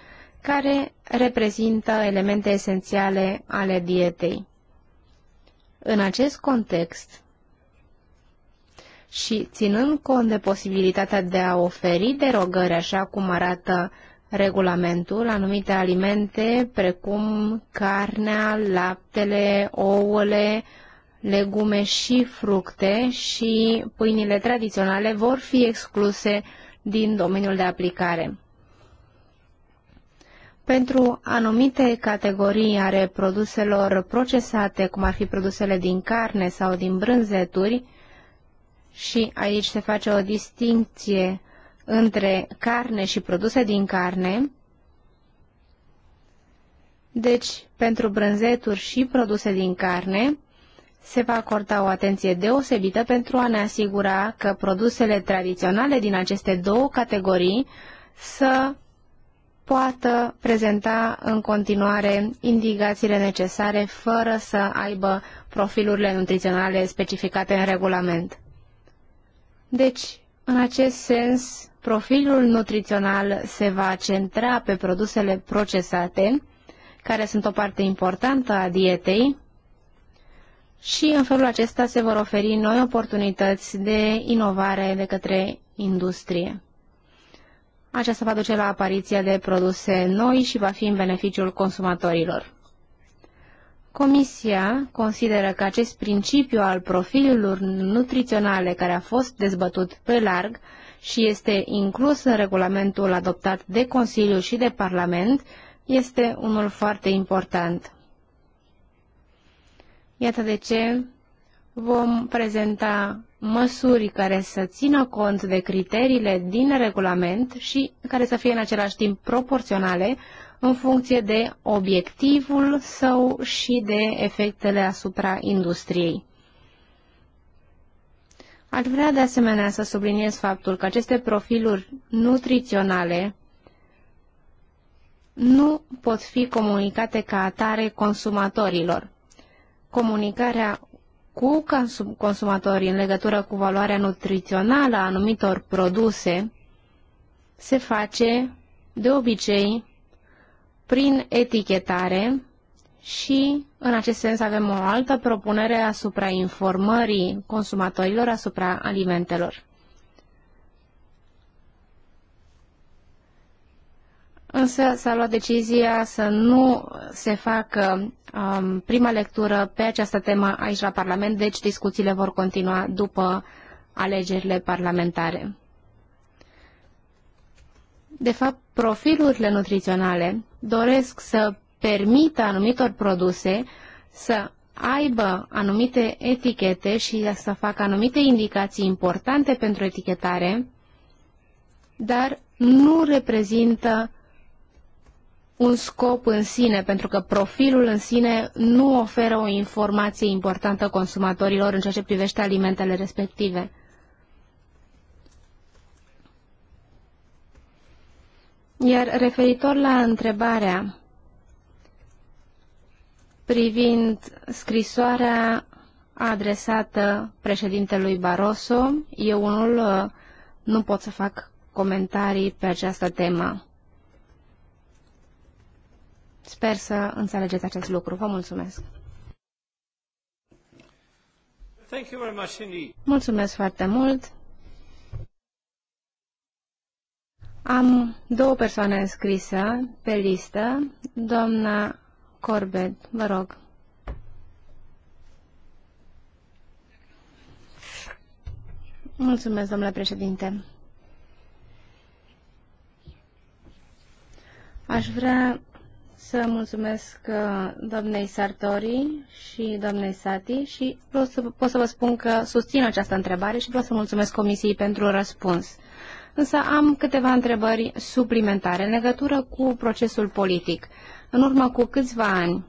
care reprezintă elemente esențiale ale dietei. În acest context și ținând cont de posibilitatea de a oferi derogări așa cum arată regulamentul, anumite alimente precum carnea, laptele, ouăle, legume și fructe și pâinile tradiționale vor fi excluse din domeniul de aplicare. Pentru anumite categorii ale produselor procesate, cum ar fi produsele din carne sau din brânzeturi, și aici se face o distinție între carne și produse din carne, deci pentru brânzeturi și produse din carne, se va acorda o atenție deosebită pentru a ne asigura că produsele tradiționale din aceste două categorii să poată prezenta în continuare indicațiile necesare fără să aibă profilurile nutriționale specificate în regulament. Deci, în acest sens, profilul nutrițional se va centra pe produsele procesate, care sunt o parte importantă a dietei, și în felul acesta se vor oferi noi oportunități de inovare de către industrie. Aceasta va duce la apariția de produse noi și va fi în beneficiul consumatorilor. Comisia consideră că acest principiu al profilurilor nutriționale care a fost dezbătut pe larg și este inclus în regulamentul adoptat de Consiliu și de Parlament este unul foarte important. Iată de ce vom prezenta măsuri care să țină cont de criteriile din regulament și care să fie în același timp proporționale în funcție de obiectivul său și de efectele asupra industriei. Aș vrea de asemenea să subliniez faptul că aceste profiluri nutriționale nu pot fi comunicate ca atare consumatorilor comunicarea cu consumatorii în legătură cu valoarea nutrițională a anumitor produse se face de obicei prin etichetare și în acest sens avem o altă propunere asupra informării consumatorilor asupra alimentelor. Însă s-a luat decizia să nu se facă um, prima lectură pe această temă aici la Parlament, deci discuțiile vor continua după alegerile parlamentare. De fapt, profilurile nutriționale doresc să permită anumitor produse să aibă anumite etichete și să facă anumite indicații importante pentru etichetare, dar nu reprezintă un scop în sine, pentru că profilul în sine nu oferă o informație importantă consumatorilor în ceea ce privește alimentele respective. Iar referitor la întrebarea privind scrisoarea adresată președintelui Barroso, eu unul uh, nu pot să fac comentarii pe această temă. Sper să înțelegeți acest lucru. Vă mulțumesc! Thank you very much Mulțumesc foarte mult! Am două persoane înscrise pe listă. Doamna Corbet, vă rog. Mulțumesc, domnule președinte. Aș vrea să mulțumesc uh, doamnei Sartori și doamnei Sati și vreau să, pot să vă spun că susțin această întrebare și vreau să mulțumesc Comisiei pentru răspuns. Însă am câteva întrebări suplimentare în legătură cu procesul politic. În urmă cu câțiva ani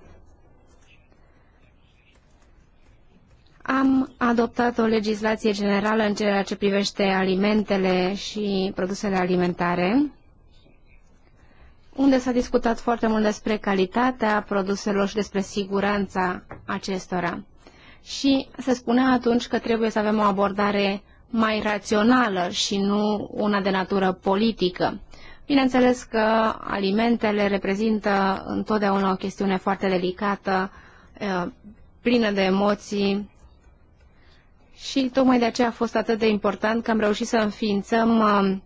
am adoptat o legislație generală în ceea ce privește alimentele și produsele alimentare unde s-a discutat foarte mult despre calitatea produselor și despre siguranța acestora. Și se spunea atunci că trebuie să avem o abordare mai rațională și nu una de natură politică. Bineînțeles că alimentele reprezintă întotdeauna o chestiune foarte delicată, plină de emoții și tocmai de aceea a fost atât de important că am reușit să înființăm um,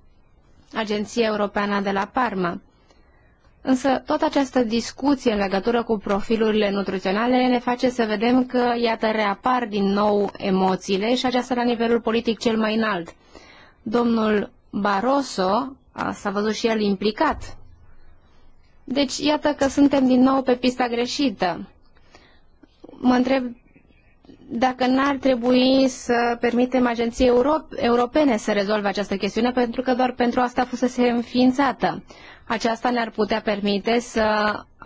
Agenția Europeană de la Parma. Însă toată această discuție în legătură cu profilurile nutriționale ne face să vedem că, iată, reapar din nou emoțiile și aceasta la nivelul politic cel mai înalt. Domnul Barroso s-a văzut și el implicat. Deci, iată că suntem din nou pe pista greșită. Mă întreb dacă n-ar trebui să permitem agenției Euro europene să rezolve această chestiune, pentru că doar pentru asta fusese înființată. Aceasta ne-ar putea permite să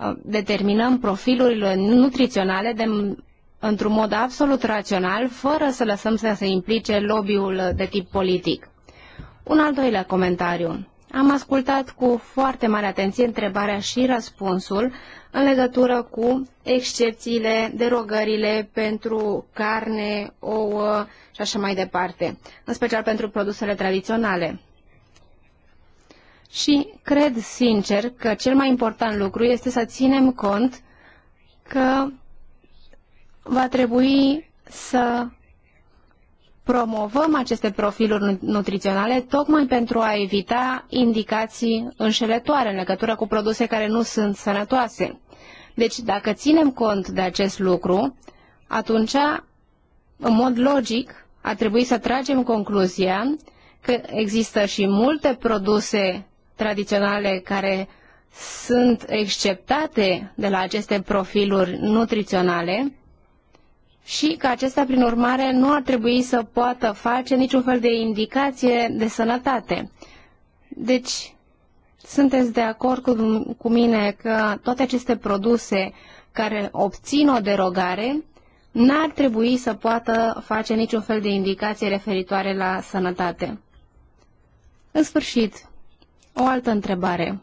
uh, determinăm profilurile nutriționale de într-un mod absolut rațional, fără să lăsăm să se implice lobby-ul de tip politic. Un al doilea comentariu. Am ascultat cu foarte mare atenție întrebarea și răspunsul în legătură cu excepțiile, derogările pentru carne, ouă și așa mai departe, în special pentru produsele tradiționale. Și cred sincer că cel mai important lucru este să ținem cont că va trebui să promovăm aceste profiluri nutriționale tocmai pentru a evita indicații înșelătoare în legătură cu produse care nu sunt sănătoase. Deci, dacă ținem cont de acest lucru, atunci, în mod logic, ar trebui să tragem concluzia că există și multe produse tradiționale care sunt exceptate de la aceste profiluri nutriționale și că acesta, prin urmare, nu ar trebui să poată face niciun fel de indicație de sănătate. Deci, sunteți de acord cu, cu mine că toate aceste produse care obțin o derogare n-ar trebui să poată face niciun fel de indicație referitoare la sănătate. În sfârșit, o altă întrebare.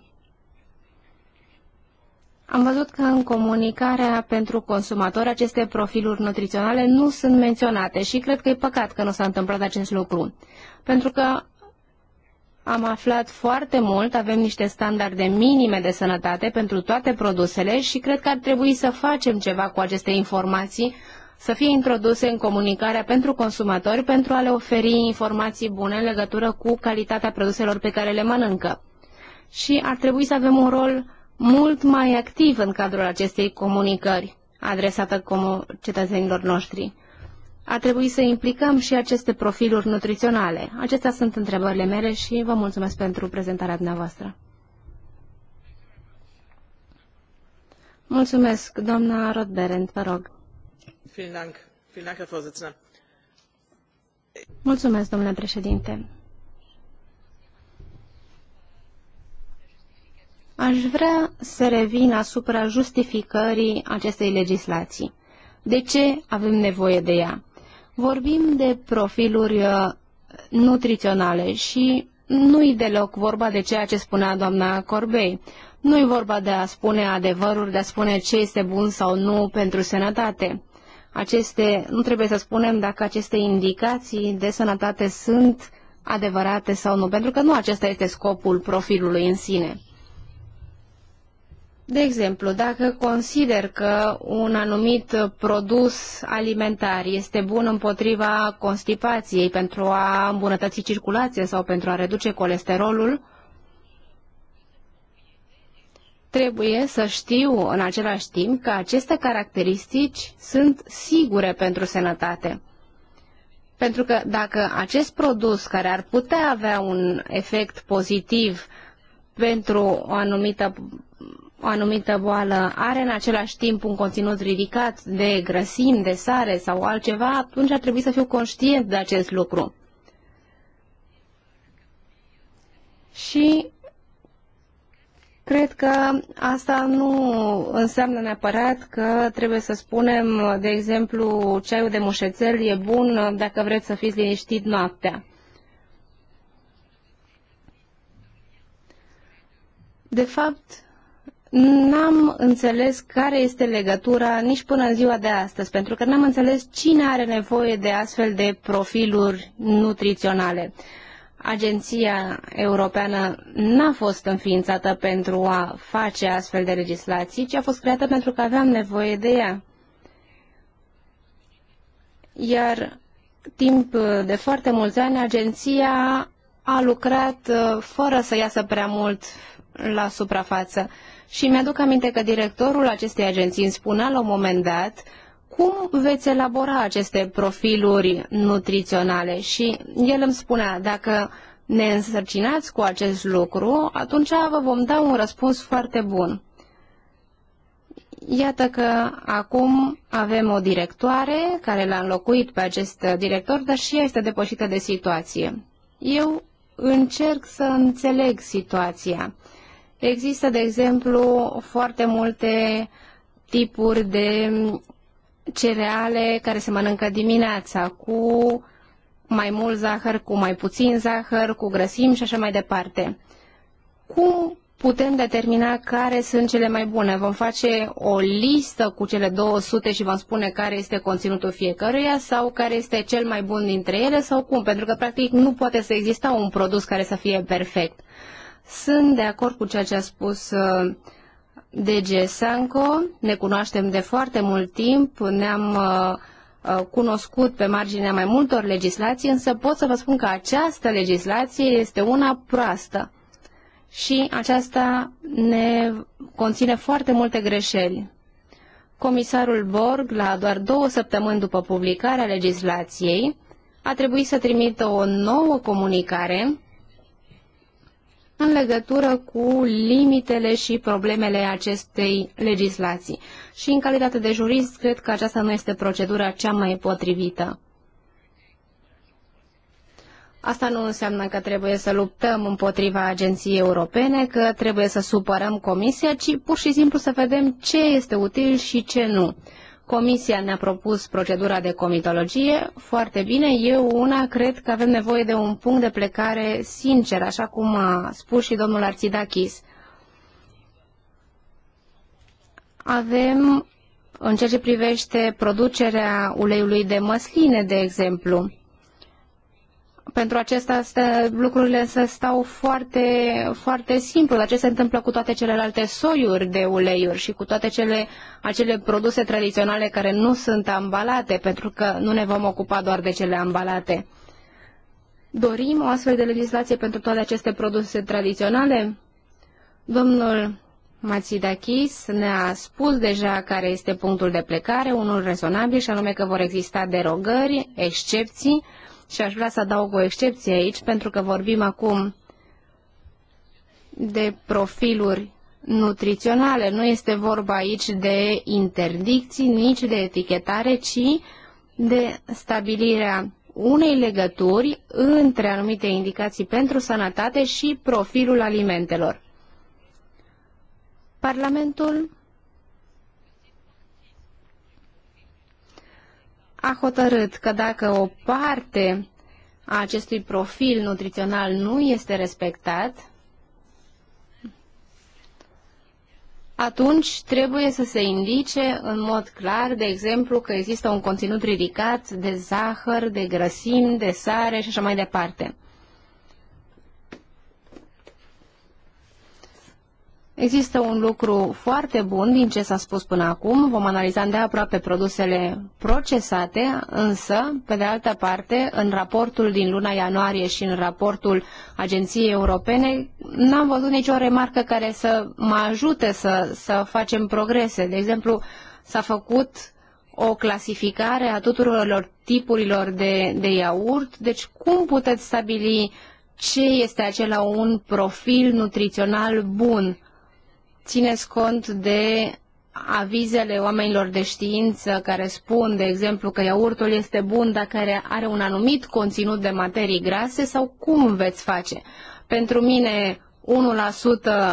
Am văzut că în comunicarea pentru consumatori aceste profiluri nutriționale nu sunt menționate și cred că e păcat că nu s-a întâmplat acest lucru. Pentru că am aflat foarte mult, avem niște standarde minime de sănătate pentru toate produsele și cred că ar trebui să facem ceva cu aceste informații, să fie introduse în comunicarea pentru consumatori pentru a le oferi informații bune în legătură cu calitatea produselor pe care le mănâncă. Și ar trebui să avem un rol mult mai activ în cadrul acestei comunicări adresată cetățenilor noștri. A trebuit să implicăm și aceste profiluri nutriționale. Acestea sunt întrebările mele și vă mulțumesc pentru prezentarea dumneavoastră. Mulțumesc, doamna Rodberend, vă rog. Mulțumesc, domnule președinte. Aș vrea să revin asupra justificării acestei legislații. De ce avem nevoie de ea? Vorbim de profiluri uh, nutriționale și nu-i deloc vorba de ceea ce spunea doamna Corbei. Nu-i vorba de a spune adevărul, de a spune ce este bun sau nu pentru sănătate. Aceste, nu trebuie să spunem dacă aceste indicații de sănătate sunt adevărate sau nu, pentru că nu acesta este scopul profilului în sine. De exemplu, dacă consider că un anumit produs alimentar este bun împotriva constipației pentru a îmbunătăți circulația sau pentru a reduce colesterolul, trebuie să știu în același timp că aceste caracteristici sunt sigure pentru sănătate. Pentru că dacă acest produs care ar putea avea un efect pozitiv pentru o anumită o anumită boală are în același timp un conținut ridicat de grăsimi, de sare sau altceva, atunci ar trebui să fiu conștient de acest lucru. Și cred că asta nu înseamnă neapărat că trebuie să spunem, de exemplu, ceaiul de mușețel e bun dacă vreți să fiți liniștit noaptea. De fapt, N-am înțeles care este legătura nici până în ziua de astăzi, pentru că n-am înțeles cine are nevoie de astfel de profiluri nutriționale. Agenția Europeană n-a fost înființată pentru a face astfel de legislații, ci a fost creată pentru că aveam nevoie de ea. Iar timp de foarte mulți ani, agenția a lucrat uh, fără să iasă prea mult la suprafață. Și mi-aduc aminte că directorul acestei agenții îmi spunea la un moment dat cum veți elabora aceste profiluri nutriționale și el îmi spunea dacă ne însărcinați cu acest lucru, atunci vă vom da un răspuns foarte bun. Iată că acum avem o directoare care l-a înlocuit pe acest director, dar și ea este depășită de situație. Eu încerc să înțeleg situația Există, de exemplu, foarte multe tipuri de cereale care se mănâncă dimineața cu mai mult zahăr, cu mai puțin zahăr, cu grăsimi și așa mai departe. Cum putem determina care sunt cele mai bune? Vom face o listă cu cele 200 și vom spune care este conținutul fiecăruia sau care este cel mai bun dintre ele sau cum? Pentru că, practic, nu poate să exista un produs care să fie perfect. Sunt de acord cu ceea ce a spus uh, DG Sanco, ne cunoaștem de foarte mult timp, ne-am uh, uh, cunoscut pe marginea mai multor legislații, însă pot să vă spun că această legislație este una proastă și aceasta ne conține foarte multe greșeli. Comisarul Borg, la doar două săptămâni după publicarea legislației, a trebuit să trimită o nouă comunicare în legătură cu limitele și problemele acestei legislații. Și în calitate de jurist, cred că aceasta nu este procedura cea mai potrivită. Asta nu înseamnă că trebuie să luptăm împotriva agenției europene, că trebuie să supărăm comisia, ci pur și simplu să vedem ce este util și ce nu. Comisia ne-a propus procedura de comitologie, foarte bine, eu una cred că avem nevoie de un punct de plecare sincer, așa cum a spus și domnul Arțidachis. Avem, în ceea ce privește producerea uleiului de măsline, de exemplu, pentru acesta lucrurile să stau foarte, foarte simplu. Dar ce se întâmplă cu toate celelalte soiuri de uleiuri și cu toate cele, acele produse tradiționale care nu sunt ambalate, pentru că nu ne vom ocupa doar de cele ambalate? Dorim o astfel de legislație pentru toate aceste produse tradiționale? Domnul Matsidakis ne-a spus deja care este punctul de plecare, unul rezonabil, și anume că vor exista derogări, excepții, și aș vrea să adaug o excepție aici, pentru că vorbim acum de profiluri nutriționale. Nu este vorba aici de interdicții, nici de etichetare, ci de stabilirea unei legături între anumite indicații pentru sănătate și profilul alimentelor. Parlamentul a hotărât că dacă o parte a acestui profil nutrițional nu este respectat, atunci trebuie să se indice în mod clar, de exemplu, că există un conținut ridicat de zahăr, de grăsimi, de sare și așa mai departe. Există un lucru foarte bun din ce s-a spus până acum, vom analiza îndeaproape produsele procesate, însă, pe de altă parte, în raportul din luna ianuarie și în raportul Agenției Europene, n-am văzut nicio remarcă care să mă ajute să, să facem progrese. De exemplu, s-a făcut o clasificare a tuturor tipurilor de, de iaurt, deci cum puteți stabili ce este acela un profil nutrițional bun? țineți cont de avizele oamenilor de știință care spun, de exemplu, că iaurtul este bun dacă are un anumit conținut de materii grase sau cum veți face? Pentru mine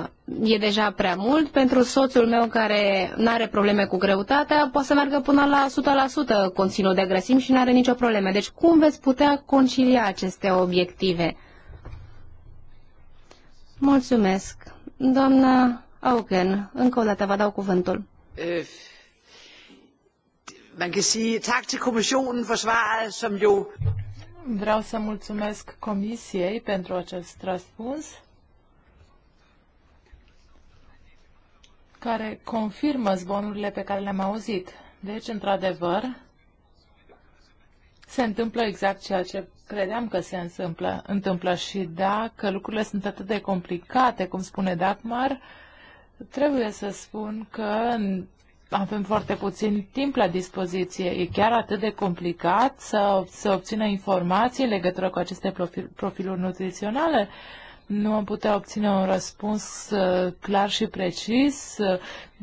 1% e deja prea mult, pentru soțul meu care nu are probleme cu greutatea poate să meargă până la 100% conținut de grăsimi și nu are nicio problemă. Deci cum veți putea concilia aceste obiective? Mulțumesc. Doamna Auken, încă o dată vă dau cuvântul. Øh, man kan sige tak til kommissionen for svaret, som jo... Vreau să mulțumesc comisiei pentru acest răspuns, care confirmă zvonurile pe care le-am auzit. Deci, într-adevăr, se întâmplă exact ceea ce credeam că se întâmplă, întâmplă și dacă lucrurile sunt atât de complicate, cum spune Dagmar, uh, Trebuie să spun că avem foarte puțin timp la dispoziție. E chiar atât de complicat să, să obțină informații în legătură cu aceste profil, profiluri nutriționale. Uh, nu am putea obține un răspuns uh, clar și precis uh,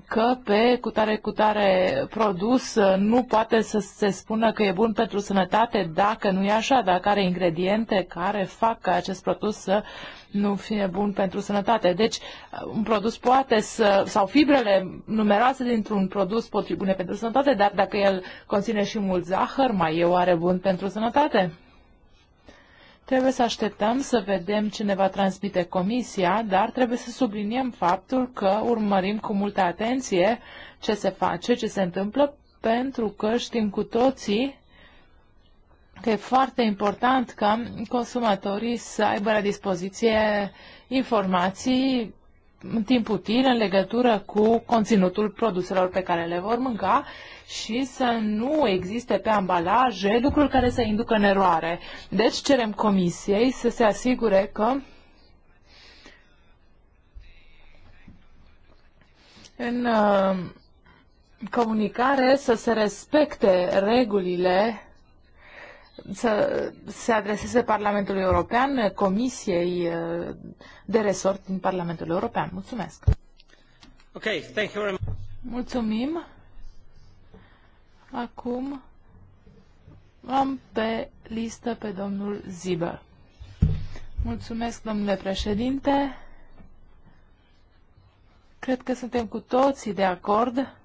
că pe cutare cutare produs uh, nu poate să se spună că e bun pentru sănătate dacă nu e așa, dacă are ingrediente care fac ca acest produs să nu fie bun pentru sănătate. Deci un produs poate să, sau fibrele numeroase dintr-un produs pot fi bune pentru sănătate, dar dacă el conține și mult zahăr, mai e oare bun pentru sănătate? Trebuie să așteptăm să vedem ce ne va transmite comisia, dar trebuie să subliniem faptul că urmărim cu multă atenție ce se face, ce se întâmplă, pentru că știm cu toții că e foarte important ca consumatorii să aibă la dispoziție informații în timp util în legătură cu conținutul produselor pe care le vor mânca și să nu existe pe ambalaje lucruri care să inducă în eroare. Deci cerem comisiei să se asigure că în uh, comunicare să se respecte regulile să se adreseze Parlamentului European, Comisiei uh, de resort din Parlamentul European. Mulțumesc. Okay, thank you very much. Mulțumim. Acum am pe listă pe domnul Zibă. Mulțumesc, domnule președinte. Cred că suntem cu toții de acord.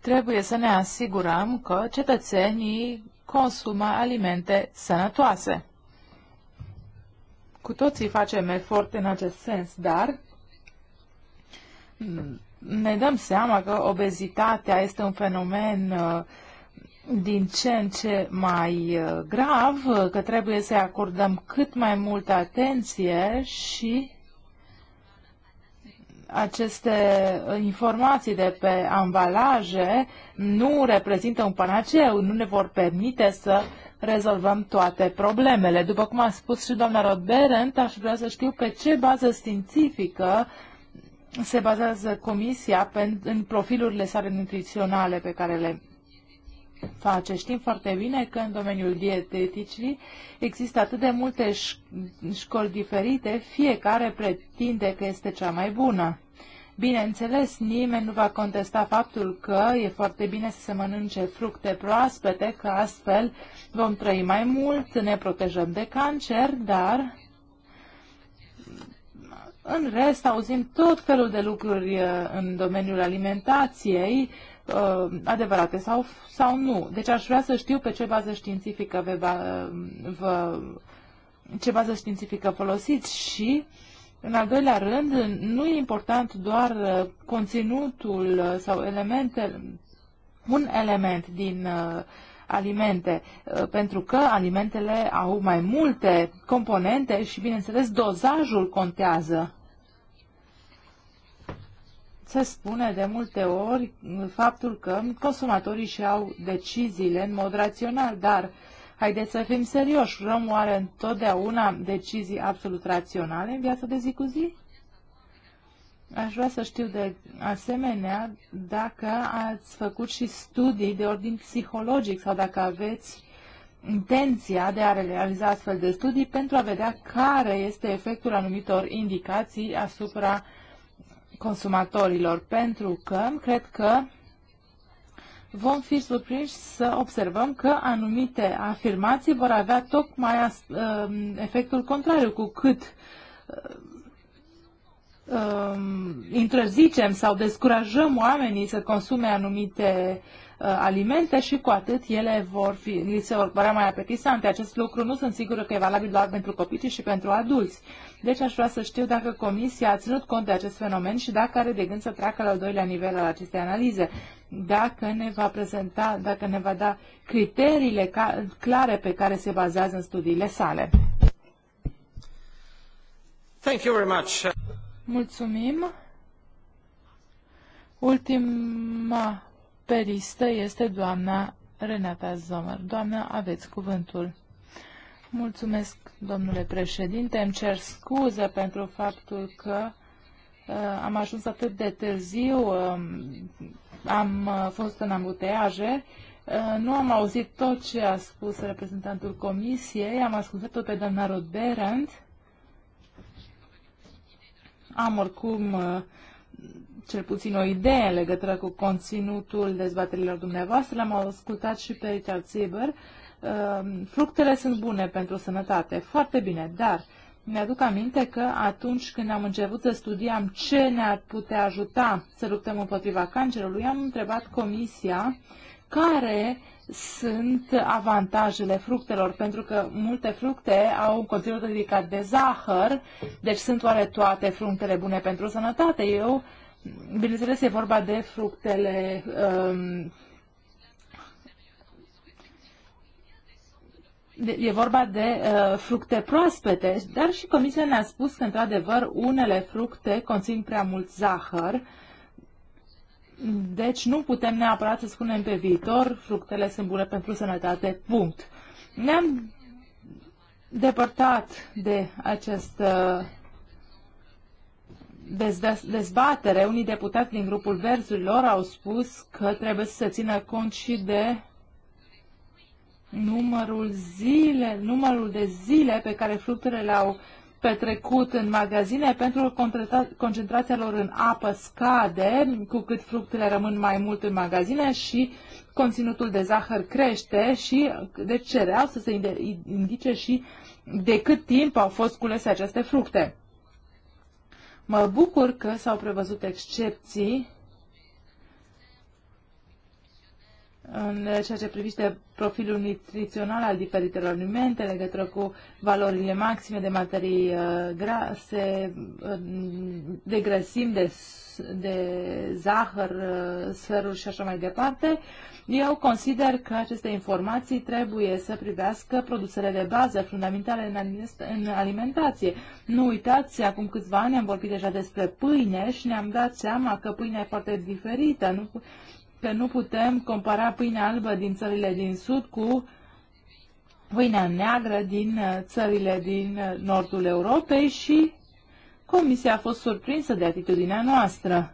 Trebuie să ne asigurăm că cetățenii consumă alimente sănătoase. Cu toții facem efort în acest sens, dar ne dăm seama că obezitatea este un fenomen uh, din ce în ce mai uh, grav, uh, că trebuie să-i acordăm cât mai multă atenție și aceste informații de pe ambalaje nu reprezintă un panaceu, nu ne vor permite să rezolvăm toate problemele. După cum a spus și doamna Rodberent, aș vrea să știu pe ce bază științifică uh, se bazează comisia pe, în profilurile sale nutriționale pe care le face. Știm foarte bine că în domeniul dieteticii există atât de multe școli diferite, fiecare pretinde că este cea mai bună. Bineînțeles, nimeni nu va contesta faptul că e foarte bine să se mănânce fructe proaspete, că astfel vom trăi mai mult, ne protejăm de cancer, dar în rest, auzim tot felul de lucruri uh, în domeniul alimentației, uh, adevărate sau, sau nu. Deci aș vrea să știu pe ce bază științifică vă, vă, ce bază științifică folosiți și în al doilea rând, nu e important doar uh, conținutul sau elementele, un element din uh, alimente, uh, pentru că alimentele au mai multe componente și, bineînțeles, dozajul contează. Se spune de multe ori faptul că consumatorii și-au deciziile în mod rațional, dar haideți să fim serioși, luăm întotdeauna decizii absolut raționale în viața de zi cu zi? Aș vrea să știu de asemenea dacă ați făcut și studii de ordin psihologic sau dacă aveți intenția de a realiza astfel de studii pentru a vedea care este efectul anumitor indicații asupra consumatorilor, pentru că cred că vom fi surprinși să observăm că anumite afirmații vor avea tocmai uh, efectul contrariu, cu cât uh, Um, interzicem sau descurajăm oamenii să consume anumite uh, alimente și cu atât ele vor fi, li se vor părea mai apetisante. Acest lucru nu sunt sigură că e valabil doar pentru copii, ci și pentru adulți. Deci aș vrea să știu dacă Comisia a ținut cont de acest fenomen și dacă are de gând să treacă la al doilea nivel al acestei analize. Dacă ne va prezenta, dacă ne va da criteriile ca, clare pe care se bazează în studiile sale. Thank you very much. Mulțumim. Ultima pe listă este doamna Renata Zomer. Doamna, aveți cuvântul. Mulțumesc, domnule președinte. Îmi cer scuze pentru faptul că uh, am ajuns atât de târziu. Uh, am uh, fost în ambuteaje. Uh, nu am auzit tot ce a spus reprezentantul comisiei. Am ascultat-o pe doamna Rodberand. Uh, am oricum uh, cel puțin o idee în legătură cu conținutul dezbaterilor dumneavoastră. L-am ascultat și pe Richard Sieber. Uh, fructele sunt bune pentru sănătate, foarte bine, dar mi-aduc aminte că atunci când am început să studiam ce ne-ar putea ajuta să luptăm împotriva cancerului, am întrebat comisia care sunt avantajele fructelor, pentru că multe fructe au un conținut ridicat de zahăr, deci sunt oare toate fructele bune pentru sănătate? Eu, bineînțeles, e vorba de fructele um, E vorba de uh, fructe proaspete, dar și Comisia ne-a spus că, într-adevăr, unele fructe conțin prea mult zahăr deci nu putem neapărat să spunem pe viitor fructele sunt bune pentru sănătate, punct. Ne-am depărtat de această dezbatere. Unii deputați din grupul verzurilor au spus că trebuie să se țină cont și de numărul zile, numărul de zile pe care fructele le-au petrecut în magazine pentru că concentrația lor în apă scade cu cât fructele rămân mai mult în magazine și conținutul de zahăr crește și deci cereau să se indice și de cât timp au fost culese aceste fructe. Mă bucur că s-au prevăzut excepții în ceea ce privește profilul nutrițional al diferitelor alimente, legătură cu valorile maxime de materii uh, grase, de grăsimi, de, de zahăr, uh, săruri și așa mai departe. Eu consider că aceste informații trebuie să privească produsele de bază fundamentale în alimentație. Nu uitați, acum câțiva ani am vorbit deja despre pâine și ne-am dat seama că pâinea e foarte diferită. Nu, că nu putem compara pâinea albă din țările din sud cu pâinea neagră din uh, țările din uh, nordul Europei și comisia a fost surprinsă de atitudinea noastră.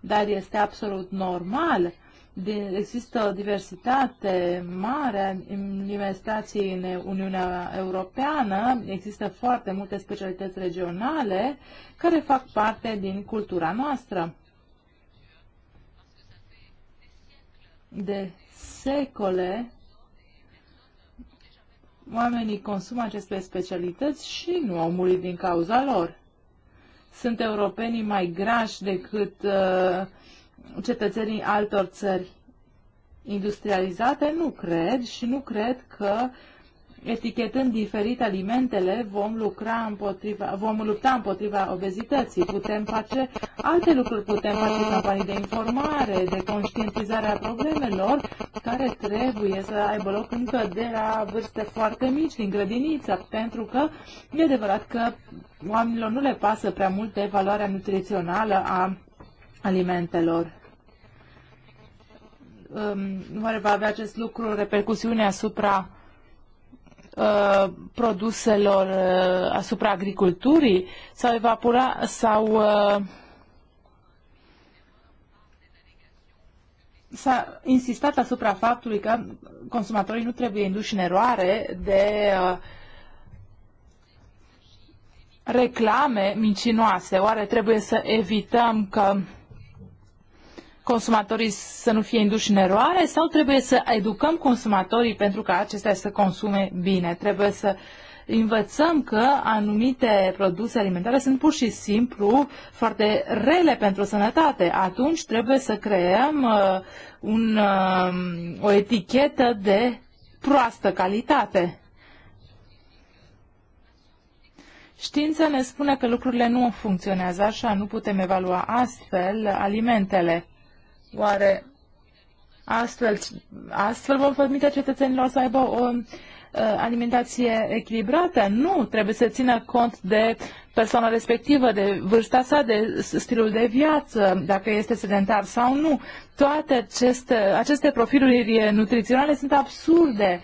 Dar este absolut normal. De, există o diversitate mare în universitații în Uniunea Europeană, există foarte multe specialități regionale care fac parte din cultura noastră. de secole oamenii consumă aceste specialități și nu au murit din cauza lor. Sunt europenii mai grași decât uh, cetățenii altor țări industrializate? Nu cred și nu cred că etichetând diferit alimentele, vom, lucra împotriva, vom lupta împotriva obezității. Putem face alte lucruri, putem face campanii de informare, de conștientizare a problemelor care trebuie să aibă loc încă de la vârste foarte mici, din grădiniță, pentru că e adevărat că oamenilor nu le pasă prea mult de valoarea nutrițională a alimentelor um, oare va avea acest lucru repercusiune asupra Uh, produselor uh, asupra agriculturii? sau evapora sau uh, s-a insistat asupra faptului că consumatorii nu trebuie induși în eroare de uh, reclame mincinoase. Oare trebuie să evităm că consumatorii să nu fie induși în eroare sau trebuie să educăm consumatorii pentru ca acestea să consume bine? Trebuie să învățăm că anumite produse alimentare sunt pur și simplu foarte rele pentru sănătate. Atunci trebuie să creăm uh, un, uh, o etichetă de proastă calitate. Știința ne spune că lucrurile nu funcționează așa, nu putem evalua astfel alimentele. Oare astfel, astfel vom permite cetățenilor să aibă o uh, alimentație echilibrată? Nu, trebuie să țină cont de persoana respectivă, de vârsta sa, de stilul de viață, dacă este sedentar sau nu. Toate aceste, aceste profiluri nutriționale sunt absurde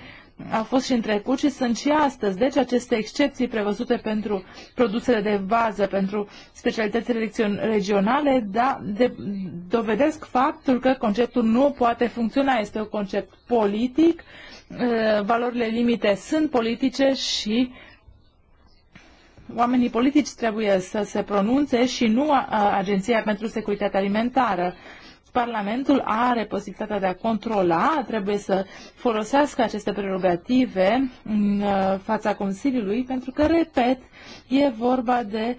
a fost și în trecut și sunt și astăzi. Deci aceste excepții prevăzute pentru produsele de bază, pentru specialitățile regionale, da, de, dovedesc faptul că conceptul nu poate funcționa. Este un concept politic, uh, valorile limite sunt politice și oamenii politici trebuie să se pronunțe și nu Agenția pentru Securitate Alimentară. Parlamentul are posibilitatea de a controla, trebuie să folosească aceste prerogative în uh, fața Consiliului, pentru că, repet, e vorba de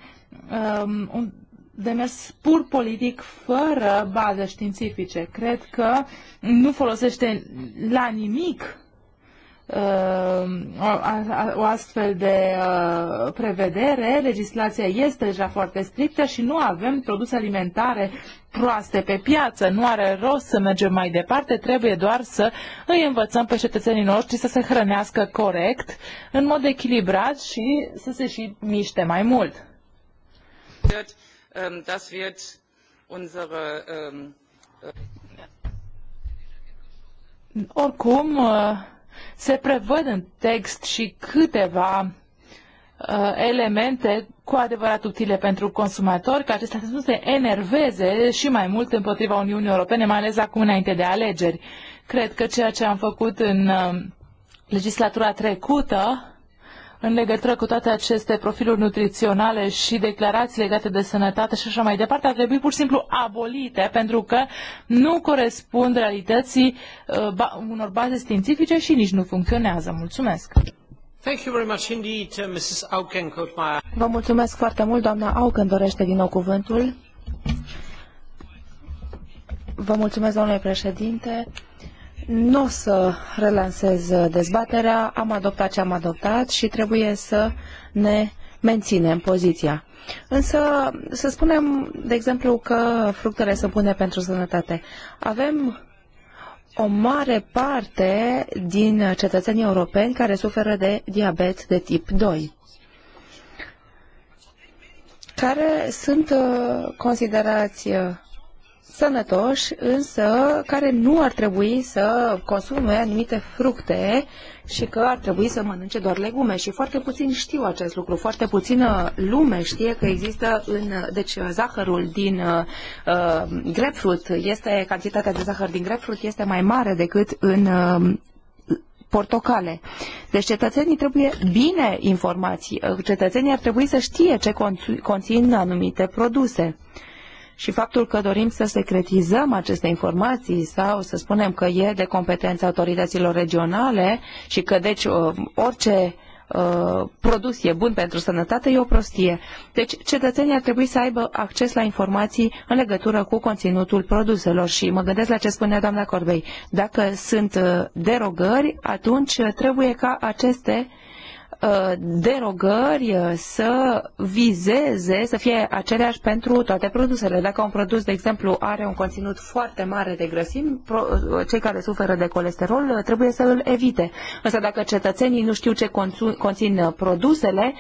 um, un demers pur politic fără baze științifice. Cred că nu folosește la nimic Uh, o astfel de uh, prevedere, legislația este deja foarte strictă și nu avem produse alimentare proaste pe piață. Nu are rost să mergem mai departe, trebuie doar să îi învățăm pe cetățenii noștri să se hrănească corect, în mod echilibrat și să se și miște mai mult. Ähm, das wird unsere, um... Oricum, uh, se prevăd în text și câteva uh, elemente cu adevărat utile pentru consumatori, ca acestea să nu se enerveze și mai mult împotriva Uniunii Europene, mai ales acum înainte de alegeri. Cred că ceea ce am făcut în uh, legislatura trecută în legătură cu toate aceste profiluri nutriționale și declarații legate de sănătate și așa mai departe ar trebui pur și simplu abolite pentru că nu corespund realității uh, ba, unor baze științifice și nici nu funcționează. Mulțumesc! Thank you very much indeed, uh, Mrs. Auken Vă mulțumesc foarte mult, doamna Auken dorește din nou cuvântul. Vă mulțumesc, domnule președinte. Nu o să relansez uh, dezbaterea, am adoptat ce am adoptat și trebuie să ne menținem poziția. Însă, să spunem, de exemplu, că fructele sunt bune pentru sănătate. Avem o mare parte din cetățenii europeni care suferă de diabet de tip 2 care sunt uh, considerați uh, sănătoși, însă care nu ar trebui să consume anumite fructe și că ar trebui să mănânce doar legume. Și foarte puțin știu acest lucru, foarte puțină lume știe că există în... Deci zahărul din uh, uh grapefruit este, cantitatea de zahăr din grapefruit este mai mare decât în uh, portocale. Deci cetățenii trebuie bine informați, cetățenii ar trebui să știe ce conțin anumite produse și faptul că dorim să secretizăm aceste informații sau să spunem că e de competența autorităților regionale și că deci uh, orice uh, produs e bun pentru sănătate, e o prostie. Deci cetățenii ar trebui să aibă acces la informații în legătură cu conținutul produselor și mă gândesc la ce spunea doamna Corbei. Dacă sunt uh, derogări, atunci trebuie ca aceste Uh, derogări uh, să vizeze, să fie aceleași pentru toate produsele. Dacă un produs, de exemplu, are un conținut foarte mare de grăsimi, uh, cei care suferă de colesterol trebuie să îl evite. Însă dacă cetățenii nu știu ce conțin produsele,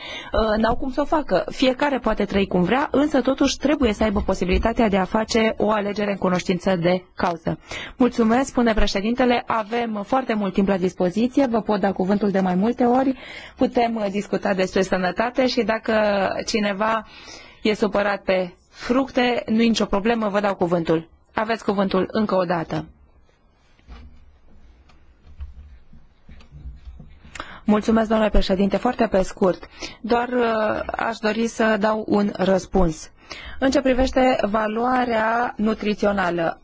n-au cum să o facă. Fiecare poate trăi cum vrea, însă totuși trebuie să aibă posibilitatea de a face o alegere în cunoștință de cauză. Mulțumesc, spune președintele, avem foarte mult timp la dispoziție, vă pot da cuvântul de mai multe ori. Put putem uh, discuta despre sănătate și dacă cineva e supărat pe fructe, nu e nicio problemă, vă dau cuvântul. Aveți cuvântul încă o dată. Mulțumesc, domnule președinte. Foarte pe scurt. Doar uh, aș dori să dau un răspuns. În ce privește valoarea nutrițională,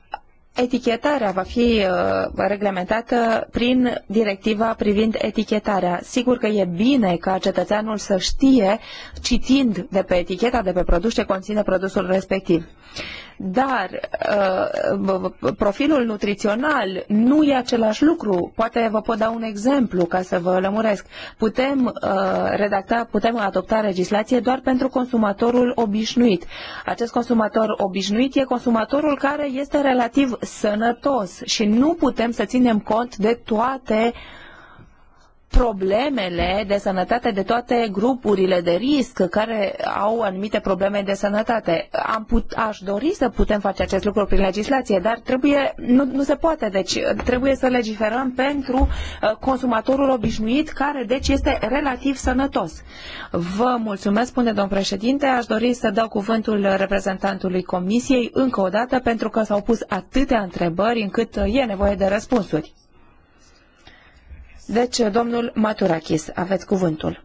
etichetarea va fi uh, reglementată prin directiva privind etichetarea. Sigur că e bine ca cetățeanul să știe, citind de pe eticheta de pe produs, ce conține produsul respectiv dar uh, profilul nutrițional nu e același lucru. Poate vă pot da un exemplu ca să vă lămuresc. Putem uh, redacta, putem adopta legislație doar pentru consumatorul obișnuit. Acest consumator obișnuit e consumatorul care este relativ sănătos și nu putem să ținem cont de toate problemele de sănătate de toate grupurile de risc care au anumite probleme de sănătate. Am put, aș dori să putem face acest lucru prin legislație, dar trebuie, nu, nu se poate, deci trebuie să legiferăm pentru uh, consumatorul obișnuit care deci este relativ sănătos. Vă mulțumesc, spune domn președinte, aș dori să dau cuvântul reprezentantului comisiei încă o dată pentru că s-au pus atâtea întrebări încât uh, e nevoie de răspunsuri. Deci, domnul Maturakis, aveți cuvântul.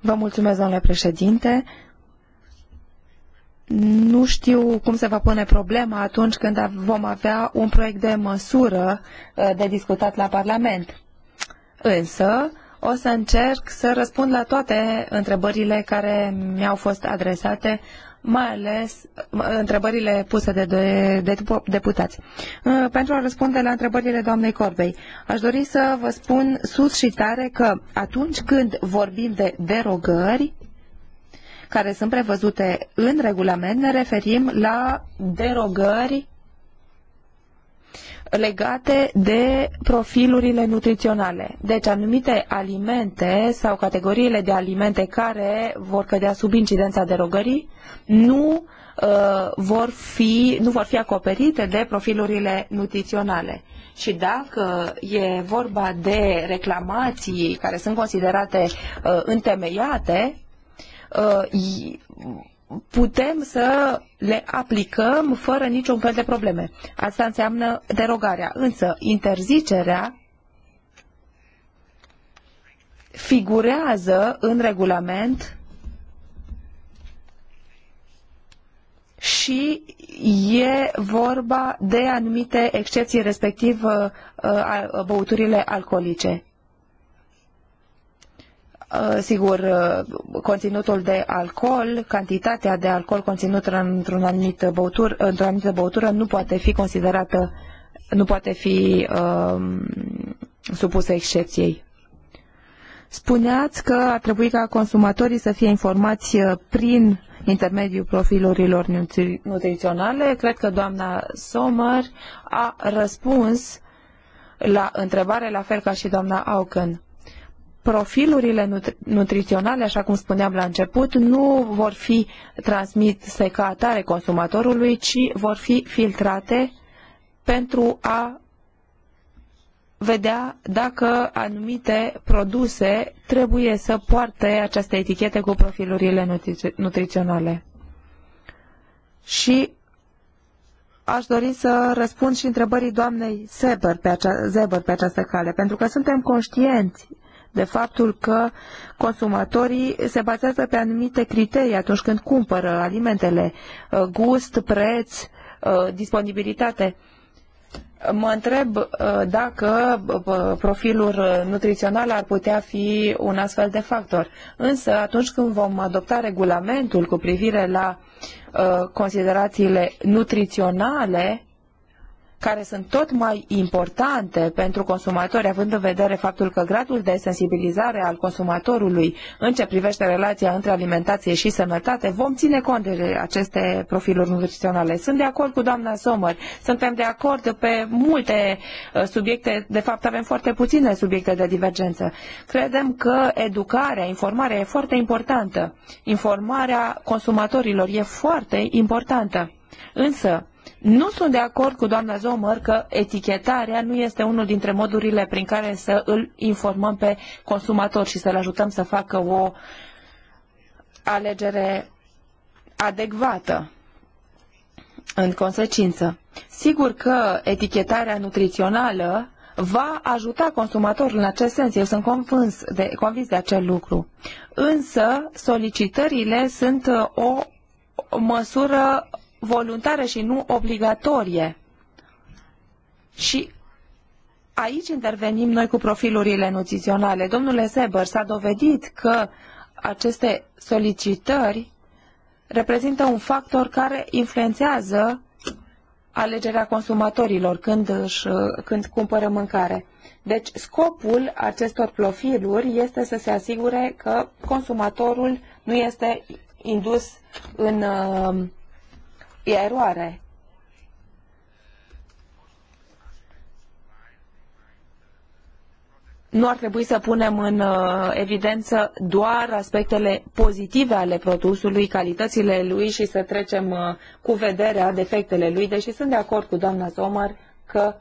Vă mulțumesc, domnule președinte. Nu știu cum se va pune problema atunci când vom avea un proiect de măsură uh, de discutat la Parlament. Însă, o să încerc să răspund la toate întrebările care mi-au fost adresate mai ales întrebările puse de, de, de deputați. Pentru a răspunde la întrebările doamnei Corbei, aș dori să vă spun sus și tare că atunci când vorbim de derogări, care sunt prevăzute în regulament, ne referim la derogări legate de profilurile nutriționale. Deci anumite alimente sau categoriile de alimente care vor cădea sub incidența derogării nu uh, vor fi, nu vor fi acoperite de profilurile nutriționale. Și dacă e vorba de reclamații care sunt considerate uh, întemeiate, uh, putem să le aplicăm fără niciun fel de probleme. Asta înseamnă derogarea. Însă, interzicerea figurează în regulament și e vorba de anumite excepții, respectiv uh, uh, băuturile alcoolice. Uh, sigur, uh, conținutul de alcool, cantitatea de alcool conținută într-un anumit băutur, într-o anumită băutură nu poate fi considerată, nu poate fi uh, supusă excepției. Spuneați că ar trebui ca consumatorii să fie informați uh, prin intermediul profilurilor nutri nutriționale. Cred că doamna Sommer a răspuns la întrebare, la fel ca și doamna Auken profilurile nutri nutriționale, așa cum spuneam la început, nu vor fi transmise ca atare consumatorului, ci vor fi filtrate pentru a vedea dacă anumite produse trebuie să poarte aceste etichete cu profilurile nutri nutriționale. Și aș dori să răspund și întrebării doamnei Zeber pe, acea, pe această cale, pentru că suntem conștienți de faptul că consumatorii se bazează pe anumite criterii atunci când cumpără alimentele, uh, gust, preț, uh, disponibilitate. Mă întreb uh, dacă profilul nutrițional ar putea fi un astfel de factor. Însă atunci când vom adopta regulamentul cu privire la considerațiile nutriționale, care sunt tot mai importante pentru consumatori, având în vedere faptul că gradul de sensibilizare al consumatorului în ce privește relația între alimentație și sănătate, vom ține cont de aceste profiluri nutriționale. Sunt de acord cu doamna Sommer, suntem de acord pe multe uh, subiecte, de fapt avem foarte puține subiecte de divergență. Credem că educarea, informarea e foarte importantă. Informarea consumatorilor e foarte importantă. Însă, nu sunt de acord cu doamna Zomăr că etichetarea nu este unul dintre modurile prin care să îl informăm pe consumator și să-l ajutăm să facă o alegere adecvată. În consecință, sigur că etichetarea nutrițională va ajuta consumatorul în acest sens. Eu sunt convins de, convins de acel lucru. Însă, solicitările sunt uh, o măsură voluntară și nu obligatorie. Și aici intervenim noi cu profilurile nutriționale. Domnule Seber, s-a dovedit că aceste solicitări reprezintă un factor care influențează alegerea consumatorilor când, își, când cumpără mâncare. Deci scopul acestor profiluri este să se asigure că consumatorul nu este indus în uh, e eroare. Nu ar trebui să punem în uh, evidență doar aspectele pozitive ale produsului, calitățile lui și să trecem uh, cu vederea defectele lui, deși sunt de acord cu doamna Somar că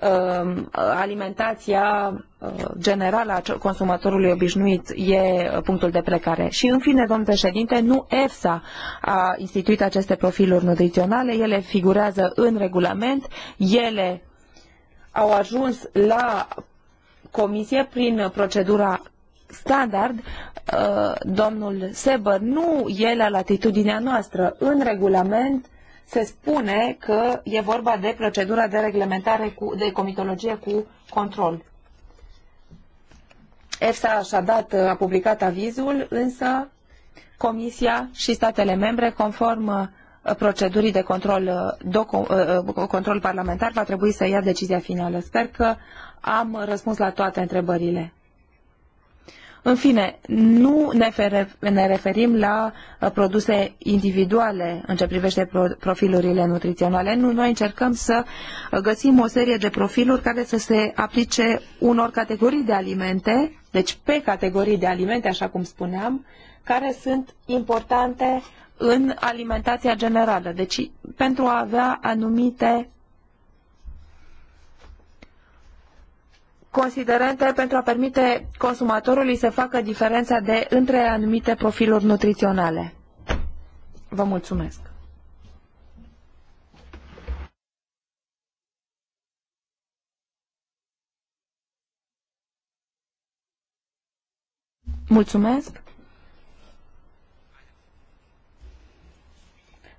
Um, alimentația uh, generală a consumatorului obișnuit e uh, punctul de plecare. Și în fine, domn președinte, nu EFSA a instituit aceste profiluri nutriționale, ele figurează în regulament, ele au ajuns la comisie prin procedura standard, uh, domnul Seber nu e la latitudinea noastră. În regulament se spune că e vorba de procedura de reglementare cu, de comitologie cu control. EFSA și-a dat, uh, a publicat avizul, însă Comisia și statele membre, conform uh, procedurii de control, uh, do, control parlamentar, va trebui să ia decizia finală. Sper că am răspuns la toate întrebările. În fine, nu ne referim la uh, produse individuale în ce privește profilurile nutriționale. Nu, noi încercăm să uh, găsim o serie de profiluri care să se aplice unor categorii de alimente, deci pe categorii de alimente, așa cum spuneam, care sunt importante în alimentația generală. Deci pentru a avea anumite considerente pentru a permite consumatorului să facă diferența de între anumite profiluri nutriționale. Vă mulțumesc! Mulțumesc!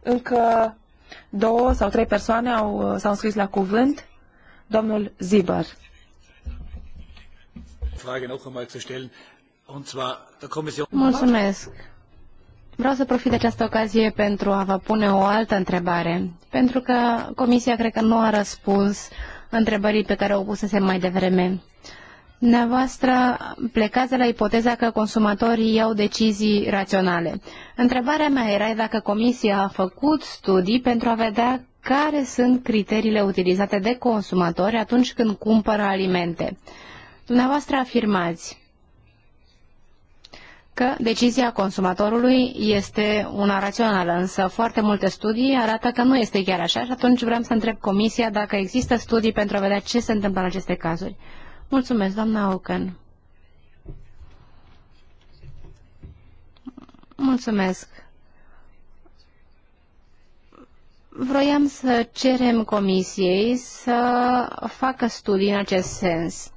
Încă două sau trei persoane au, s-au înscris la cuvânt. Domnul Zibar. Frage noch einmal zu stellen, und zwar der Kommission. Mulțumesc. Vreau să profit de această ocazie pentru a vă pune o altă întrebare, pentru că Comisia cred că nu a răspuns întrebării pe care o pusese mai devreme. Dumneavoastră plecați de la ipoteza că consumatorii iau decizii raționale. Întrebarea mea era dacă Comisia a făcut studii pentru a vedea care sunt criteriile utilizate de consumatori atunci când cumpără alimente. Dumneavoastră afirmați că decizia consumatorului este una rațională, însă foarte multe studii arată că nu este chiar așa și atunci vreau să întreb Comisia dacă există studii pentru a vedea ce se întâmplă în aceste cazuri. Mulțumesc, doamna Auken. Mulțumesc. Vroiam să cerem Comisiei să facă studii în acest sens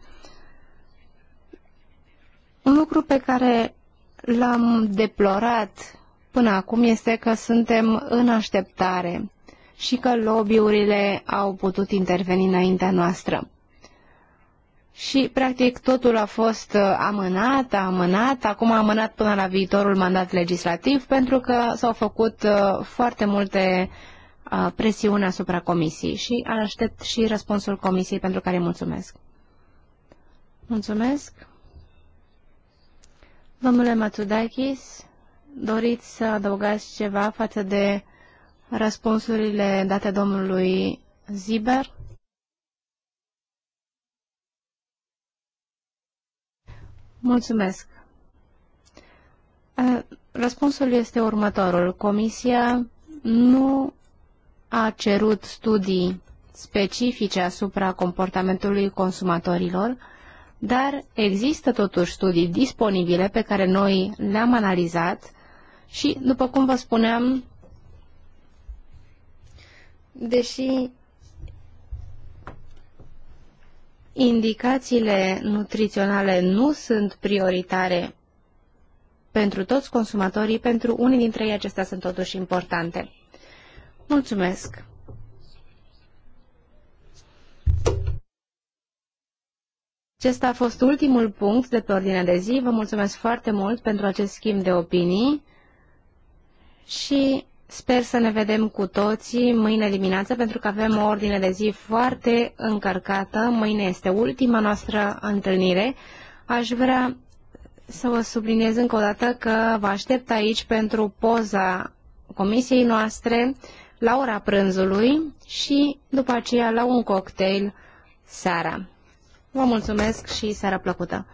un lucru pe care l-am deplorat până acum este că suntem în așteptare și că lobbyurile au putut interveni înaintea noastră. Și, practic, totul a fost amânat, amânat, acum amânat până la viitorul mandat legislativ, pentru că s-au făcut uh, foarte multe uh, presiuni asupra comisiei și aștept și răspunsul comisiei pentru care mulțumesc. Mulțumesc. Domnule Matsudakis, doriți să adăugați ceva față de răspunsurile date domnului Ziber? Mulțumesc. Răspunsul este următorul. Comisia nu a cerut studii specifice asupra comportamentului consumatorilor, dar există totuși studii disponibile pe care noi le-am analizat și, după cum vă spuneam, deși indicațiile nutriționale nu sunt prioritare pentru toți consumatorii, pentru unii dintre ei acestea sunt totuși importante. Mulțumesc! Acesta a fost ultimul punct de pe ordinea de zi. Vă mulțumesc foarte mult pentru acest schimb de opinii și sper să ne vedem cu toții mâine dimineață pentru că avem o ordine de zi foarte încărcată. Mâine este ultima noastră întâlnire. Aș vrea să vă subliniez încă o dată că vă aștept aici pentru poza comisiei noastre la ora prânzului și după aceea la un cocktail seara. Vă mulțumesc și seară plăcută!